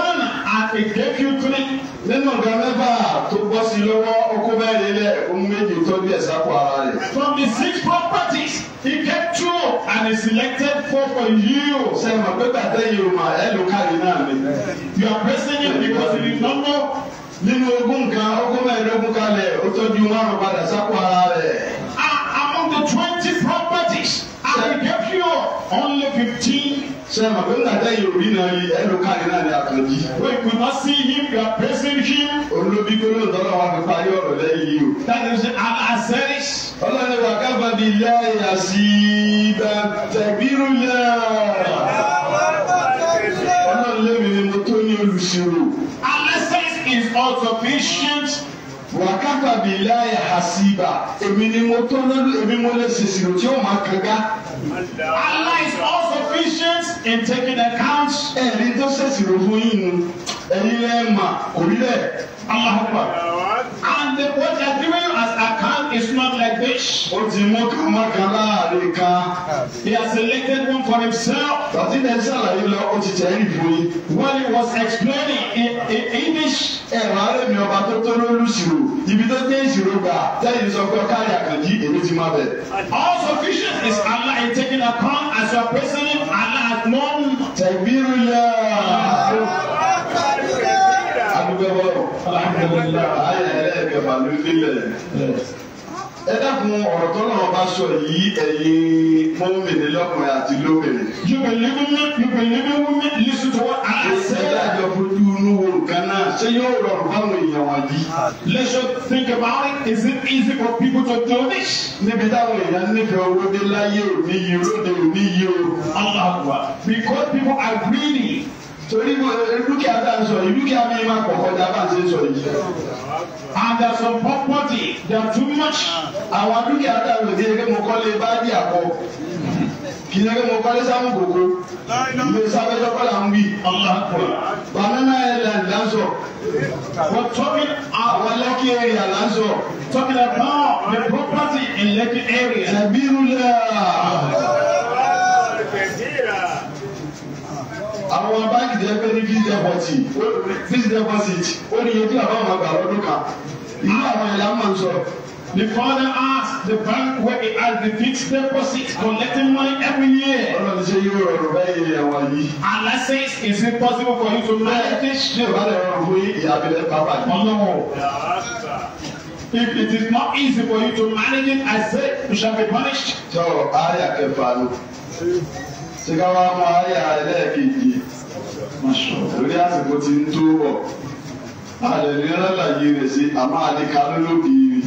one and it gave you three. nínú nǹkan mẹ́fà tó bọ́ sí lọ́wọ́ okó mẹ́rin lẹ̀ ohun méje tó bí ẹ̀ sápò ara rẹ̀. from the six point and is selected for for you. ṣe mọ̀ pé bàtẹ́ yorùbá ẹ ló kárí náà mi. you are praising him because he did not nínú ogún kan ogún mẹ́ẹ̀ẹ́dógún kalẹ̀ ó tọ́jú márùn padà sápò ara rẹ̀. among the twenty properties I gave you only fifteen. ṣe mọ̀ pé nígbà tẹ́ yorùbá náà yìí ẹ ló kárí náà ni àkànjí. we could not see him you are pressing him. olóbi gbólóhùn tọ́lá wa fi parí ọ̀rọ̀ lẹ́yìn yìí o. that is an asterisk ọlọ́ni wà káfà bí láyé àti ìgbà tẹ̀gbírù náà. ọlọ́ni lẹ́mi ni mo tó ní olùṣirò. Analysis is insufficient. wà káfà bí láyé àti ìgbà èmi ni mo tó lọ́dún èmi mo lè ṣèṣirò tí ó máa kankan. Allah is insufficient in taking account. ẹ̀rí tó ṣèṣirò fún yín nu ẹ̀yin lẹ́ẹ̀ mà kò rí bẹ́ẹ̀. and what they are giving you as is not like this. Ó ti mú kala láàrin kan. He has selected one for himself. Tàbí ní ẹsẹ̀ àlàyé lọ, ó ti tẹ̀ ìbò yìí. While he was explaining in, in English. Ẹ̀rọ arẹ́mi ọba tó tó ló lùsìrò. Ibi tó dé ìṣòro gbà, tẹ́yìn sọ pé ọ̀kárí àkàndí èmi ti máa bẹ̀. All sufficient is Allah in taking account as your president, Allah has known. Tẹ̀gbírù yẹ. Adúgbò bọ̀rọ̀. Alhamdulilayi. Ayẹyẹ ẹ̀rẹ́ ẹ̀kẹ́ màlúù nílẹ̀ ẹ dákun ọ̀rọ̀ tó náà bá sọ yìí ẹ̀yin mọ́mìnì lọ́kùnrin àti lóbìnrin. you believe me you believe me listen to what I say. ẹ dájọ́ fojú inú wo nǹkan náà ṣé yóò rọrùn fáwọn èèyàn wọ̀nyí. let's just think about it is it easy for people to do this. níbi táwọn èèyàn nífẹ̀ẹ́ owó dé láyé òní yìí lóde òní yìí o. because people are greedy torí dúkìá tá a sọ yìí dúkìá mi máa pọ̀ kọjá bá a ṣe sọ yìí. and there some property they too much. àwọn dúkìá tá a lò dé eré mo kọ́lé báàdì àpọ̀ kì í ṣe pé mo kọ́lé sáwọn kòkó ìgbé sábẹ́jọ́ kọ́lá ń wí. banana airline là ń sọ. but talking àwọn lẹ́kì area là ń sọ. talking about the property in Lekki area. ṣàbírù lẹ́yà. àwọn báńkì tẹ pé ní fixed deposit fixed deposit ó ní yẹtí àwọn ọmọ gbà lọ́dún kan ìlú àwọn ẹ̀yà máa ń sọ. The father asked the bank where he has the fixed deposit collecting money every year. Ọlọ́run ṣe yóò rọrùn báyìí ní àwọn yìí. Allah says is it possible for you to manage. Ṣé ìbálẹ̀ rọrùn fún ìyàbílẹ̀ bàbá yìí? Ọlọ́run. If it is not easy for you to manage it, I say you shall be punished. Sọ ayà kẹfà ló. Ṣé ká wá mú ayà ẹlẹ́ẹ̀kejì? lórí àsìkò tí ń tó wọ̀ àdẹ̀nìyàn làyè rẹ̀ sí àmọ́ àdìkanú lóbi rí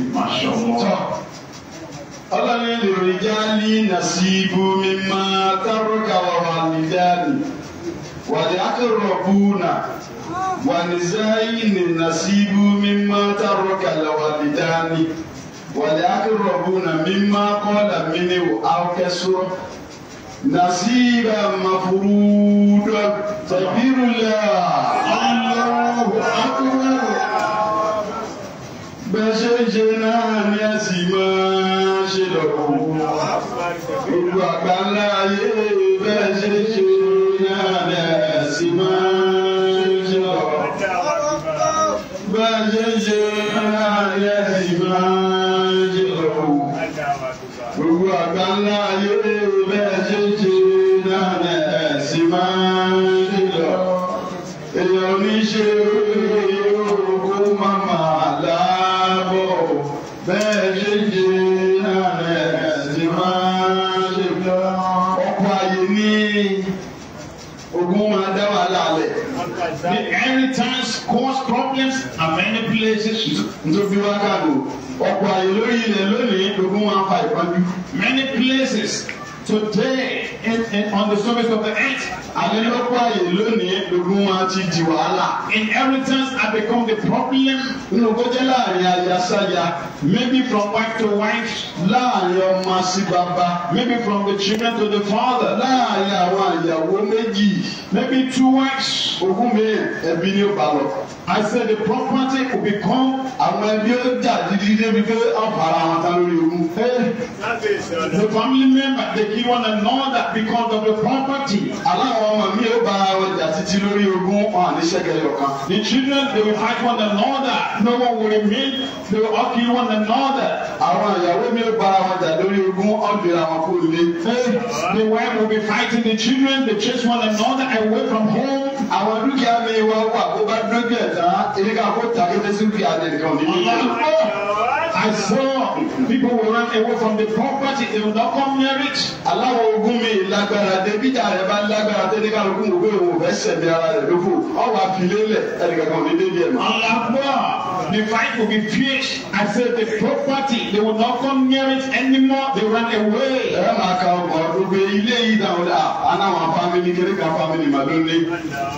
ọlọ́ni lè rí jáde nàṣíbù mímọ́ tárúkà wàhálà nìjáde wàdí akérò búnà walizaini nasibu mimma taraka lawalidani waliakrabuna mimma qala minhu aw kasura نصيبا مفروضا تكبير الله الله أكبر بشجنا نسيما شلو وقال بشجنا نسيما شلو بشجنا نسيما شلو وقال problems and many places. nítorí wá kàdó ọ̀pọ̀ àyè ilẹ̀ lónìí lógún wọn fa ìpọ́njú. many places today in, eh, in, eh, on the surface of the earth. àní lọ́pọ̀ àyè lónìí ti di wàhálà. inheritance had become the problem. nínú kọjá láàrin aya sáya maybe from wife to wife. láàrin ọmọ sí bàbá. maybe from the children to the father. láàrin àwọn àyàwó méjì. maybe two wives. ogún mi ẹbí ni ó bá lọ. I said the property will become àwọn ẹbí ó jà dídí débi pé ó fara wọn ta lórí ewu. Uh, the family member dey kill one another because of the property. Aláwọ̀ ọmọ mi ó bá wọn jà títí lórí ogún wọn àní ṣẹ́gẹ̀lẹ̀ ọ̀kan. The children they will fight one another. No one will remain. They will all kill one another. Àwọn ìyàwó mi ó bá wọn jà lórí ogún ọ̀gbìnrin àwọn kò lè. The wife will be fighting the children. They chase one another away from home àwọn dúkìá mi wá wà kó bá dójú ẹ̀ tán ká kó ta kété sí dúkìá nìkan ní ìlú. I saw people who ran away from the property they will not come near it. Aláwọ̀ ogun mi lágbára débi rẹ̀ bá lágbára débi ká lókun òwe òun fẹ́ sẹ̀mí ara rẹ̀ lóko. Ọwọ́ àfilélẹ̀ ẹnìkankan ní débi ẹ̀ mọ́. the fight will be fierce. I said the property they will not come near it anymore they ran away. Ẹ̀rọ màá ka ọgbọ̀n ọdún pé ilé yìí dáhùn dá. Anáwọn fámìlì kékeré kan fámìlì màdúndé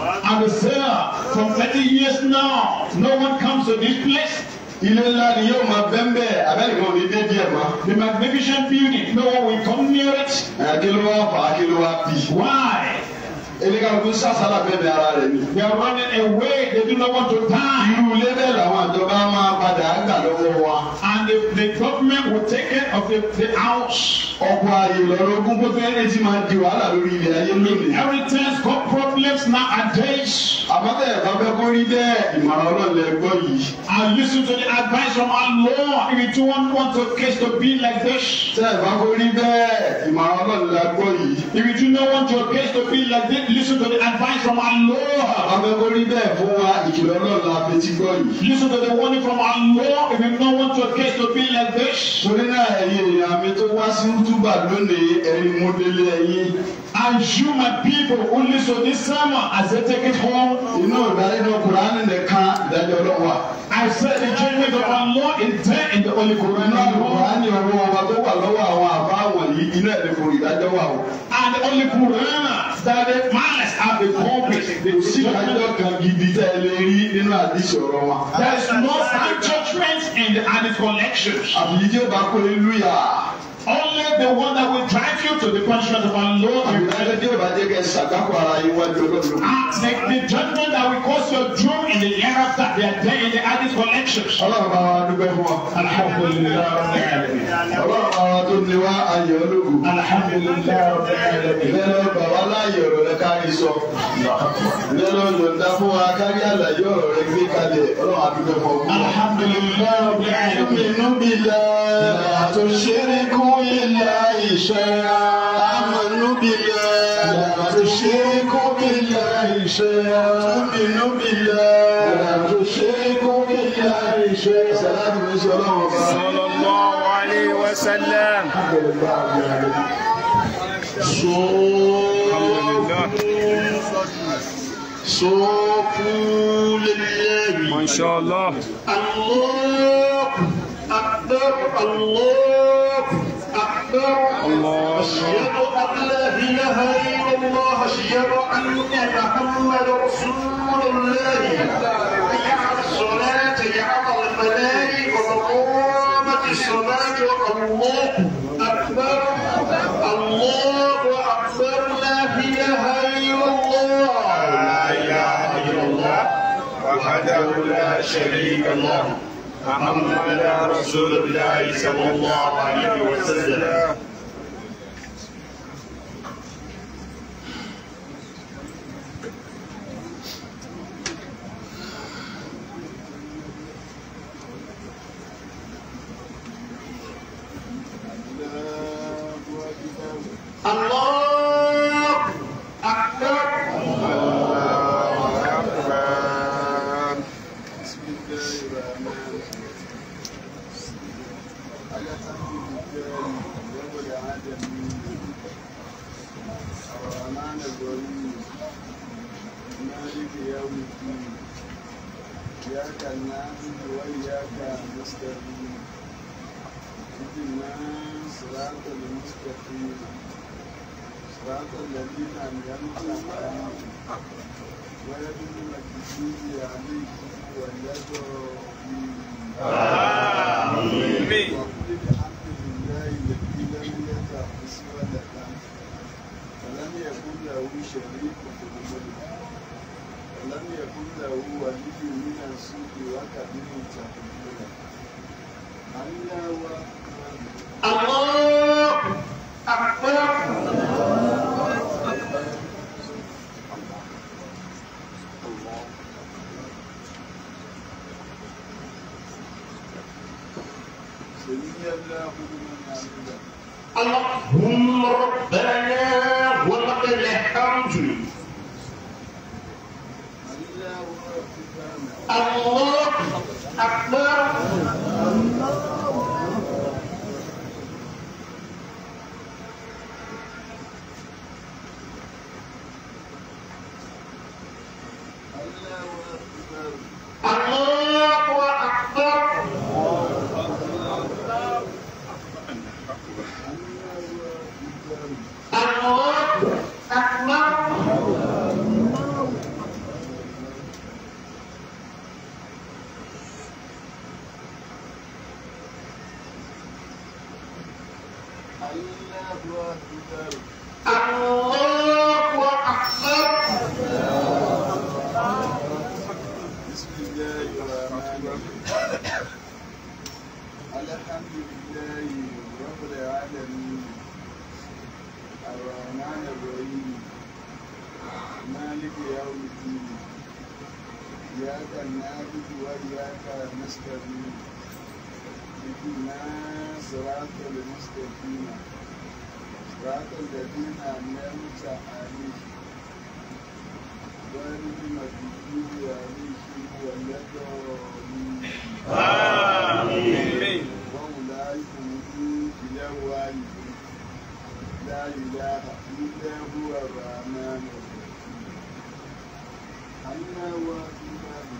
and is here for many years now. No one comes to this place. Ilé ńlá ni yóò máa bẹ́ ń bẹ́ ní dédé ẹ̀ mọ́. The magnificent building no one will come near it. Kí ló wá fà Why? Elekaluku sasala bẹ́ẹ̀ bẹ ara rẹ̀ ni. They are running away they do not want to die. Irú ilé làwọn àjọba máa padà gbà lọ́wọ́ wa. And the, the government will take care of the, the house ọ̀pọ̀ ààyè lọ́rọ̀ ogún bó fẹ́ ẹ ti máa di wàhálà lórí ilẹ̀ ayé lónìí. inheritance got problems na adage. àbátẹ̀ ìbábẹ́ kó rí bẹ́ẹ̀ ìmọ̀ràn ọlọ́ọ̀lẹ̀ gbọ́ yìí. and listen to the advice from our Lord if you wan want your case to be like this. tẹ́ ẹ̀ bá kó rí bẹ́ẹ̀ ìmọ̀ràn ọlọ́ọ̀lẹ̀ gbọ́ yìí. if you no want your case to be like this listen to the advice from our Lord. àbábẹ́ kó rí bẹ́ẹ̀ fún wa ìkìlọ̀ ọlọ́ọ̀lẹ̀ àfẹ́tí gbọ́ yìí. listen to the warning from our Lord if you no want your case to be like this. torí náà ẹ̀yin èèyàn wá sí rúdú kútúbà lónìí ẹ̀yin mo délé ẹ̀yin. And you, my people, who listen to this sermon as they take it home. Inú ìdarí náà Kùránì nìkan ìdájọ́ ọlọ́run wa. I said the judgment of Allah is there in the Holy Quran. Inú Kùránì ọwọ́ ọba tó wà lọ́wọ́ àwọn àbá wọ̀nyí iná ẹ̀dẹ̀kùn ìdájọ́ wà o. And the Holy Quran that the malice have been published. Kò sí ìdájọ́ kan gidi tẹ́ ẹ lè rí nínú àdìsí ọ̀rọ̀ wa. There is no sound judgment in the Hadith collections. Àbíyí tí ó bá kó lé lúyà only the one that will drive you to the punishment of our Lord and Christ. The, the judgment that will cause your doom in the era that they are there in the Addis collections. Lẹ́nu yọ̀ǹda fún wa kárí بالله آمنوا بالله لا تشركوا بالله شيئا بالله لا تشركوا بالله صلى الله عليه وسلم الحمد لله ما شاء الله الله أكبر الله أكبر الله أشهد أن لا إله إلا الله أشهد أن محمد رسول الله حي على الصلاة حي على الفلاح وقامت الصلاة الله أكبر الله أكبر لا إله إلا الله لا إله إلا الله وحده لا شريك له محمد رسول الله صلى الله عليه وسلم مالك يوم الدين إياك نعبد وإياك نستعين اهدنا صراط المستقيم صراط الذين أنعمت عليهم غير المغضوب عليهم ولا الضالين آمين وأولئك هم الأولين لا إله إلا هو الرحمن الرحيم and uh, uh